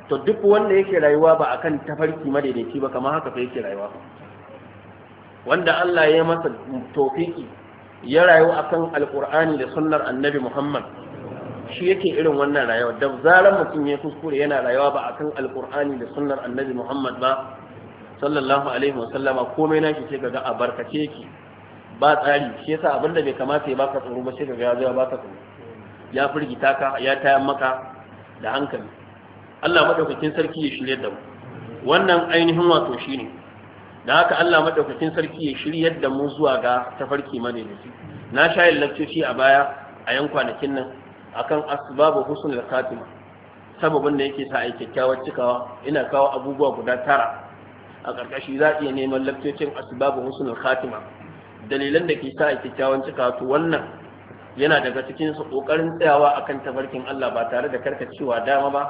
to duk wanda yake rayuwa ba akan tafarki madaidaici ba kamar haka fa yake rayuwa wanda Allah ya masa tofiki ya rayu akan alkur'ani da sunnar annabi Muhammad shi yake irin wannan rayuwa da zaran mutum ya kuskure yana rayuwa ba akan alkur'ani da sunnar annabi Muhammad ba sallallahu alaihi wasallama komai nashi sai kaga a barkace ki ba tsari shi yasa abin da bai kamata ya baka tsoro ba shi ka ga ya baka tsoro ya firgita ka ya tayar maka da hankali Allah madaukakin sarki ya shirye da mu wannan ainihin wato shine da haka Allah madaukakin sarki ya shirya da mu zuwa ga tafarki ne na sha yin lakcoci a baya a yan kwanakin nan akan asbabu husnul khatima sababin da yake sa kyakkyawar cikawa ina kawo abubuwa guda tara a ƙarƙashi za a iya neman lakcocin asbabu husnul khatima dalilan da ke sa a kyakkyawan cika to wannan yana daga cikin su kokarin tsayawa akan tabarkin Allah ba tare da karkacewa dama ba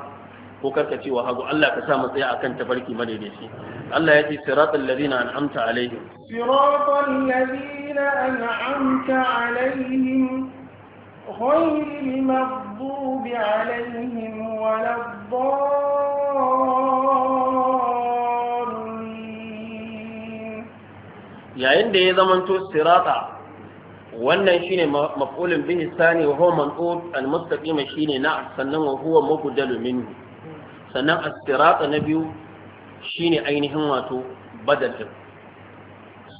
ko karkacewa hagu Allah ka sa mu tsaya akan tabarki madaidaici Allah ya ce siratal ladina an'amta alaihim siratal ladina an'amta alaihim غير المغضوب عليهم ولا yayin da ya zamanto sirata wannan shine maf'ulun bihi sani wa huwa manqut al-mustaqim shine na sannan wa huwa mubdalu minhu sannan as-sirata na biyu shine ainihin wato badal din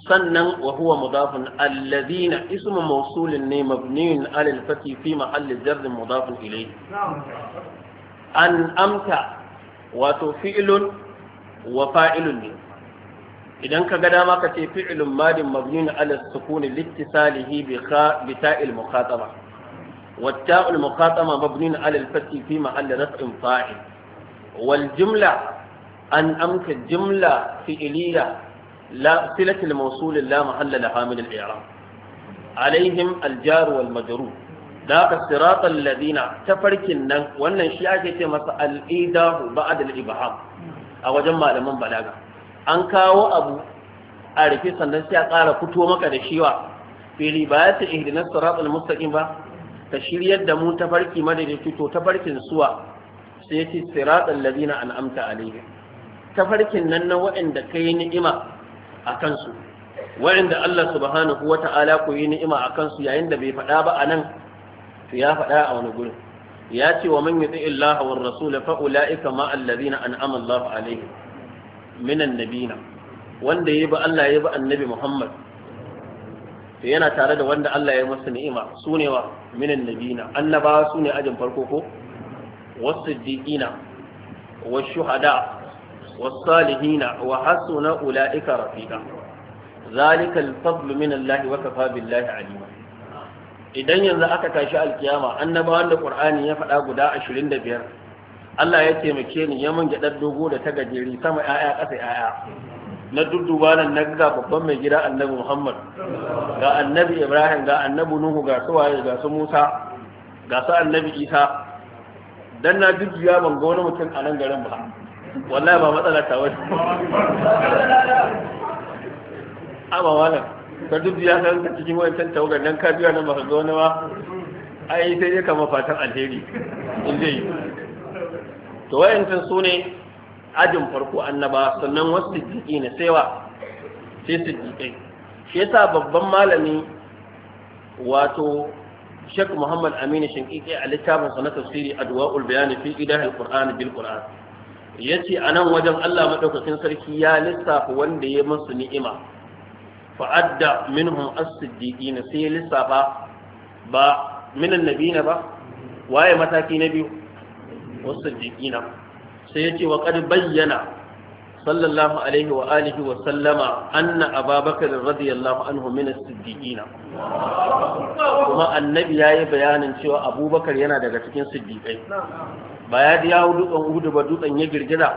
sannan wa huwa mudafun alladhina ismu mawsulin ne mabniun ala al-fathi fi mahalli jarr mudafun ilayhi an amta wato fi'lun wa fa'ilun ne idan ka ga dama ka ce fi'ilun madin mabniun ala sukun littisalihi bi kha bi ta'il muqatama wa ta'il muqatama mabniun ala al-fath fi mahalli raf'in fa'il wal jumla an amka jumla fi'iliya la silat al-mawsul la mahalla laha min al-i'rab alaihim al-jar wal majrur da ka siratal ladina ta tafarkin nan wannan shi ake ce masa al-idahu ba'da al-ibham a wajen malaman balaga an kawo abu a rufe sannan sai a ƙara fito maka da shiwa fili ba ya ta ihdinas siratal mustaqim ba ka shiryar da mu tafarki madaidaici ta tafarkin suwa sai ce siratal ladina an'amta alaihim tafarkin nan na waɗanda ka yi ni'ima a kansu waɗanda Allah subhanahu wa ta'ala ku yi ni'ima a kansu yayin da bai faɗa ba a nan to ya faɗa a wani gurin ya ce wa man yuti illaha war rasul fa ulaika ma alladhina an'ama minan nabina wanda ya bi Allah ya bi annabi Muhammad to yana tare da wanda Allah ya masa ni'ima su ne wa minan nabina annabawa su ne ajin farko ko wasiddiqina wa Shuhada wa Salihina wa hasuna ulaika rafiqa zalika al-fadlu min Allah wa kafa billahi alima idan yanzu aka tashi alkiyama annabawan da Qur'ani ya faɗa guda 25 Allah ya taimake ni ya mun gyaɗar dogo da ta gajeri sama 'ya'ya ƙasa 'ya'ya. na dudduba nan na ga babban mai gida annabi Muhammad ga annabi Ibrahim ga annabi Nuhu ga su waye ga su Musa ga su annabi Isa dan na dudduya ban ga wani mutum a nan garin ba wallahi ba matsala ta wani amma wannan ka dudduya san ka cikin wancan tawagar dan ka biya nan ba ka ga wani ba ai sai dai ka mafatan alheri in zai yi to wayancan su ne ajin farko annaba sannan wasu siddiƙi ne sai wa sai siddiƙai shi yasa babban malami wato Sheikh Muhammad Aminu Shinkiki a littafin sa na tafsiri Adwa'ul Bayan fi Idah al-Qur'an bil Qur'an yace anan wajen Allah madaukakin sarki ya lissafa wanda ya musu ni'ima fa'adda minhum as-siddiqin sai lissafa ba minan nabina ba waye mataki na biyu wasu sai ya ce wa bayyana sallallahu alaihi wa alihi wa sallama anna ababakar radiyallahu anhu min as-siddiqina kuma annabi yayi bayanin cewa abubakar yana daga cikin siddiqai ba ya ji ya dutsen uhudu ba dutsen ya girgiza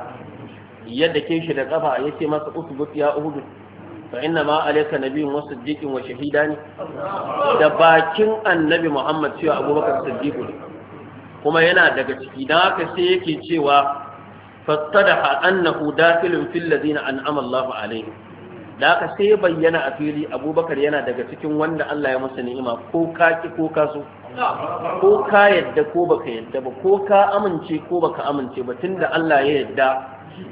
yadda ke shi da kafa ya ce masa usbut ya uhudu fa inna ma alayka nabiyyun wa siddiqun wa shahidani da bakin annabi muhammad cewa abubakar siddiqu ne kuma yana daga ciki don haka sai yake cewa fattadaha annahu dakhilun fil ladina an'ama Allahu alaihim da haka sai bayyana a fili abubakar yana daga cikin wanda Allah ya masa ni'ima ko ka ki ko ka so ko ka yadda ko baka yadda ba ko ka amince ko baka amince ba tunda Allah ya yadda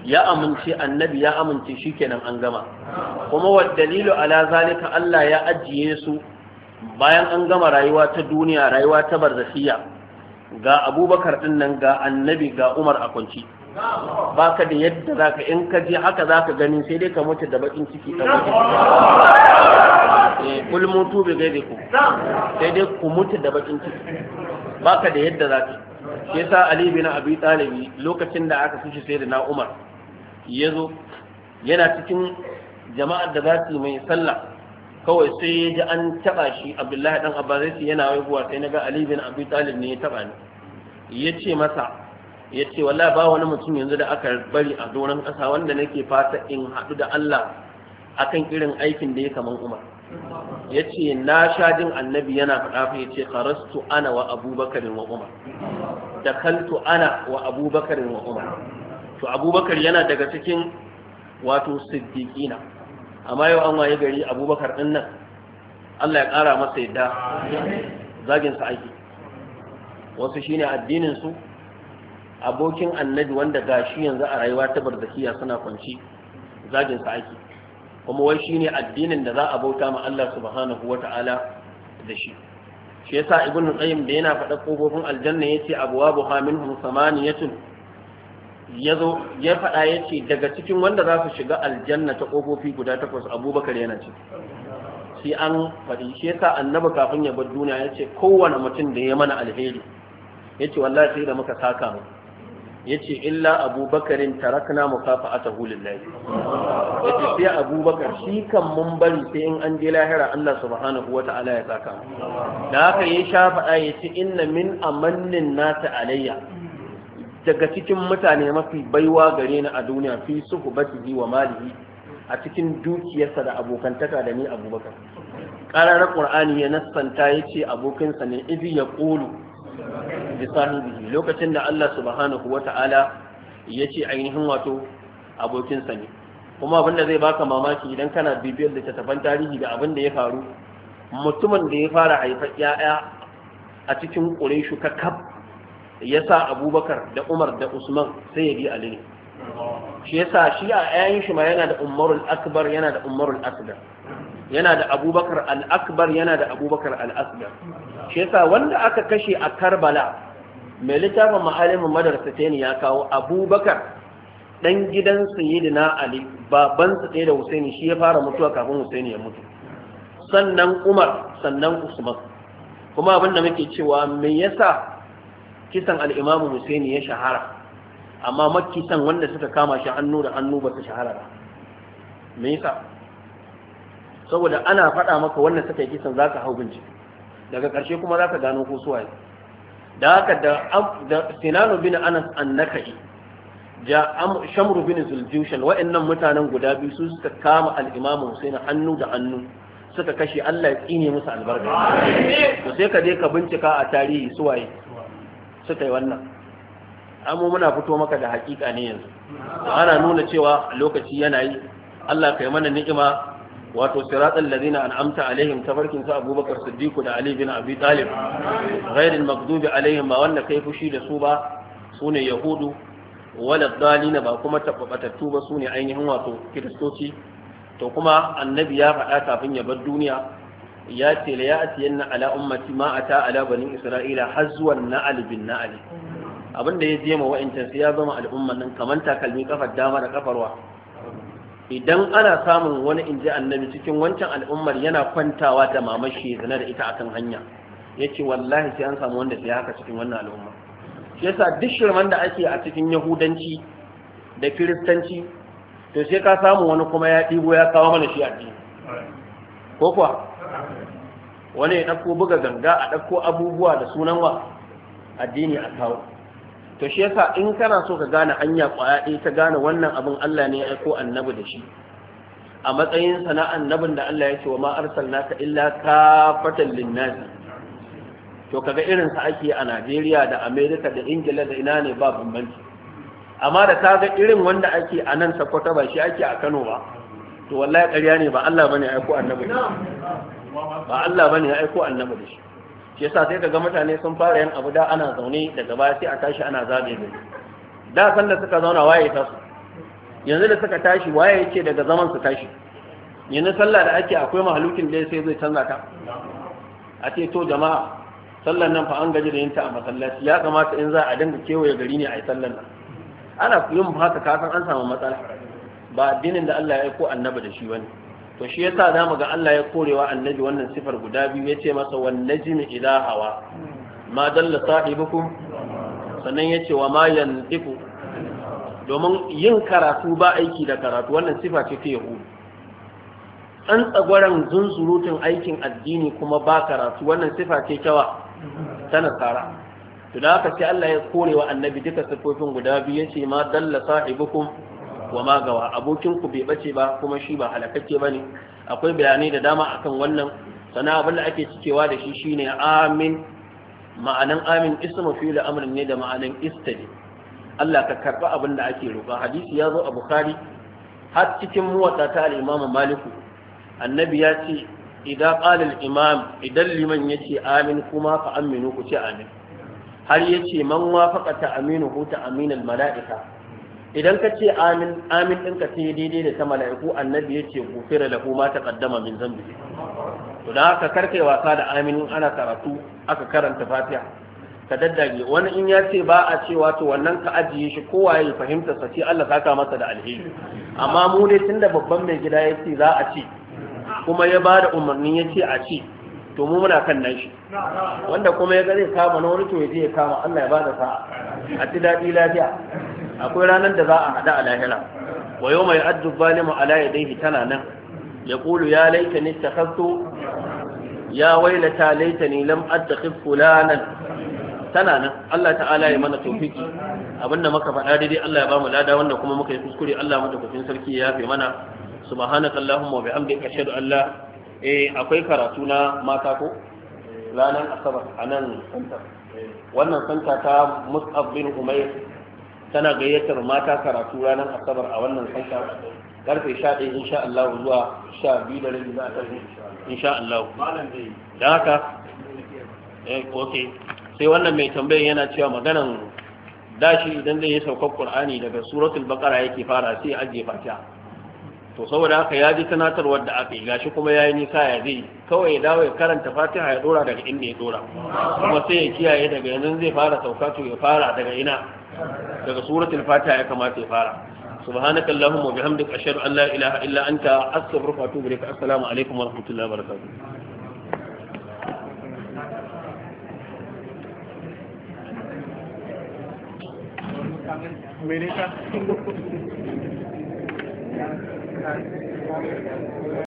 ya amince annabi ya amince shikenan an gama kuma wa dalilu ala zalika Allah ya ajiye su bayan an gama rayuwa ta duniya rayuwa ta barzakhiya ga abubakar din nan ga annabi ga umar a kwanci ba ka da yadda za ka in ka je haka za ka gani sai dai ka mutu da bakin ciki ɗan bakin eh, kul mutu bai gaide ku sai dai ku mutu da bakin ciki ba ka da yadda za ka shi sa ali bin abi talibi lokacin da aka fushi sai da na umar ya zo yana cikin jama'ar da za su yi mai sallah kawai sai ya ji an taɓa shi abdullahi ɗan abbas yana haihuwa sai na ga alibin bin talib ne ya taɓa ni ya ce masa ya ce wala ba wani mutum yanzu da aka bari a doron ƙasa wanda nake fata in haɗu da Allah akan irin aikin da ya kaman Umar ya ce na sha jin annabi yana faɗa ya ce karastu ana wa abubakar wa Umar da kaltu ana wa abubakar wa Umar to abubakar yana daga cikin wato siddiƙina amma yau an waye gari abubakar ɗin nan allah ya ƙara masa yadda zaginsa ake wasu shine su, abokin annabi wanda gashi yanzu a rayuwa ta barzakiya suna kwanci zaginsa ake kuma wai shine addinin da za a bauta ma Allah subhanahu wata'ala da shi shi yasa ibn qayyim da yana faɗa kofofin aljanna yace abwabu ha minhum samaniyatun ya zo ya faɗa ya ce daga cikin wanda za su shiga aljanna ta ƙofofi guda takwas abubakar yana ce sai an faɗi shi yasa annabi kafin ya bar duniya ya ce kowane mutum da ya mana alheri ya ce wallahi sai da muka saka mu ya ce illa abubakarin tarakna kafa a hulun lahi ya ce sai abubakar shi kan mun bari sai in an je lahira Allah subhanahu wa ta'ala ya saka da haka ya sha faɗa ya ce inna min amannin nasa alayya daga cikin mutane mafi baiwa gare ni a duniya fi suhbatihi wa malihi a cikin dukiyarsa da abokantaka da ni abubakar ƙarar ƙur'ani ya nassanta ya ce abokinsa ne izi ya ƙulu da sahibihi lokacin da Allah subhanahu wata'ala ya ce ainihin wato abokinsa ne kuma abin da zai baka mamaki idan kana bibiyar littattafan tarihi da abin da ya faru mutumin da ya fara haifar 'ya'ya a cikin ƙureshu ka kaf ya sa abubakar da umar da usman sai ya bi ali ne shi sa shi a yayin shi ma yana da umarul akbar yana da umarul asgar yana da abubakar al-akbar yana da abubakar al-asgar shi sa wanda aka kashe a karbala mai littafin ma'alimin madarsa ta ya kawo abubakar dan gidan na ali baban sa da husaini shi ya fara mutuwa kafin husaini ya mutu sannan umar sannan usman kuma abin da muke cewa me yasa kisan al'imamu Husaini ya shahara amma makisan wanda suka kama shi hannu da hannu ba su shahara ba mai yasa saboda ana faɗa maka wanda suka yi kisan za ka hau binci daga ƙarshe kuma za ka gano ko suwaye da haka da sinano bin anas an naka'i ja shamru bin zuljushan wa'annan mutanen guda biyu su suka kama al'imamu Husaini hannu da hannu suka kashe Allah ya tsine musu albarka to sai ka je ka bincika a tarihi suwaye suka yi wannan amma muna fito maka da hakika ne yanzu ana nuna cewa lokaci yana yi Allah kai mana ni'ima wato siratal ladina an'amta alaihim tabarkin sa Abubakar Siddiq da Ali bin Abi Talib ghairil maghdubi alaihim ba wanda kai fushi da su ba sune yahudu wala dalina ba kuma tabbatattu ba sune ainihin wato kiristoci to kuma annabi ya faɗa kafin ya bar duniya ya ce la ya'tiyanna ala ummati ma ata ala bani isra'ila hazwan na'al bin na'al abin da ya je ma wa'ancan sai ya zama al'umman nan kamar takalmi kafar dama da kafarwa idan ana samun wani inji annabi cikin wancan al'ummar yana kwantawa da mamashi zina da ita akan hanya yace wallahi sai an samu wanda sai haka cikin wannan al'umma shi yasa duk shirman da ake a cikin yahudanci da kiristanci to sai ka samu wani kuma ya ɗigo ya kawo mana shi addini ko kuwa wani ya ɗauko buga ganga a ɗauko abubuwa da sunan wa addini a kawo to shi yasa in kana so ka gane hanya ƙwaya ɗaya ta gane wannan abin Allah ne ya aiko annabi da shi a matsayin sana annabin da Allah ya ce wa ma ka illa kafatan linnasi to kaga irin sa ake a Najeriya da America da Ingila da ina ne ba bambanci amma da ta ga irin wanda ake a nan Sokoto ba shi ake a Kano ba to wallahi ƙarya ne ba Allah bane ya aiko annabi ba Allah bane ya aiko annabi da shi shi yasa sai kaga mutane sun fara yin abu da ana zaune daga baya sai a tashi ana zabe ne da san da suka zauna waye ta su yanzu da suka tashi waye yake daga zaman su tashi yanzu sallah da ake akwai mahalukin da sai zai canza ta a ce to jama'a sallan nan fa an gaji da yinta a masallaci ya kamata in za a dinga kewaye gari ne a yi sallan nan ana yin haka kasan an samu matsala ba addinin da Allah ya aiko annabi da shi wani to shi yasa zamu ga Allah ya korewa annabi wannan sifar guda biyu yace masa wan najmi ila hawa ma dalla sahibukum sannan yace wa ma yantiqu domin yin karatu ba aiki da karatu wannan sifa ce ta yahudu an tsagwaran zunzurutun aikin addini kuma ba karatu wannan sifa ce kyawa ta nasara to da haka sai Allah ya korewa annabi duka sifofin guda biyu yace ma dalla sahibukum wa gawa abokin ku bai bace ba kuma shi ba ba ne. akwai bayanai da dama akan wannan sana abin da ake cikewa da shi shine amin ma'anan amin ismu fi'l amrin ne da ma'anan istadi Allah ka karba abin da ake roƙa hadisi ya zo a bukhari har cikin muwatta ta al-imamu maliku annabi ya ce idan qala imam idan liman yace amin kuma fa aminu ku ce amin har yace man wafaqa ta aminu ta aminal mala'ika idan ka ce amin amin ɗinka ce daidai da ta mala'iku annabi ya ce gufira lahu ma ta kaddama min zambi to da haka karkai wasa da amin ana karatu aka karanta fatiha ka daddage wani in ya ce ba a cewa to wannan ka ajiye shi kowa ya fahimta sa ce Allah saka masa da alheri amma mu dai tunda babban mai gida ya ce za a ci, kuma ya ba da umarni ya ce a ci, to mu muna kan nan shi wanda kuma ya ga zai kama na wani to ya je ya kama Allah ya ba da sa'a a ci daɗi lafiya akwai ranar da za a hada a lahira wa yau mai addu zalimu ala yadayhi tana nan ya kulu ya laita ni takhastu ya wailata laita ni lam attakhid fulanan tana nan Allah ta'ala ya mana tofiki abinda muka faɗa daidai Allah ya bamu lada wanda kuma muka yi kuskure Allah madaukakin sarki ya yafe mana subhanakallahumma wa bihamdika ashhadu an la eh akwai karatu na mata ko ranar asabar a nan santa wannan santa ta mus'ab bin umayr tana gayyatar mata karatu ranar asabar a wannan sanka karfe 11 insha Allah zuwa biyu da rabi insha Allah haka eh ok sai wannan mai tambayan yana cewa maganan dashi idan zai yi saukar Qur'ani daga suratul baqara yake fara sai ajiye fatiha to saboda haka ya ji tunatarwar da aka yi gashi kuma yayi nisa ya zai kawai ya dawo ya karanta fatiha ya dora daga inda ya dora kuma sai ya kiyaye daga yanzu zai fara sauka to ya fara daga ina daga suratul fatiha ya kamata ya fara subhanaka allahumma wa bihamdika ashhadu an la ilaha illa anta astaghfiruka wa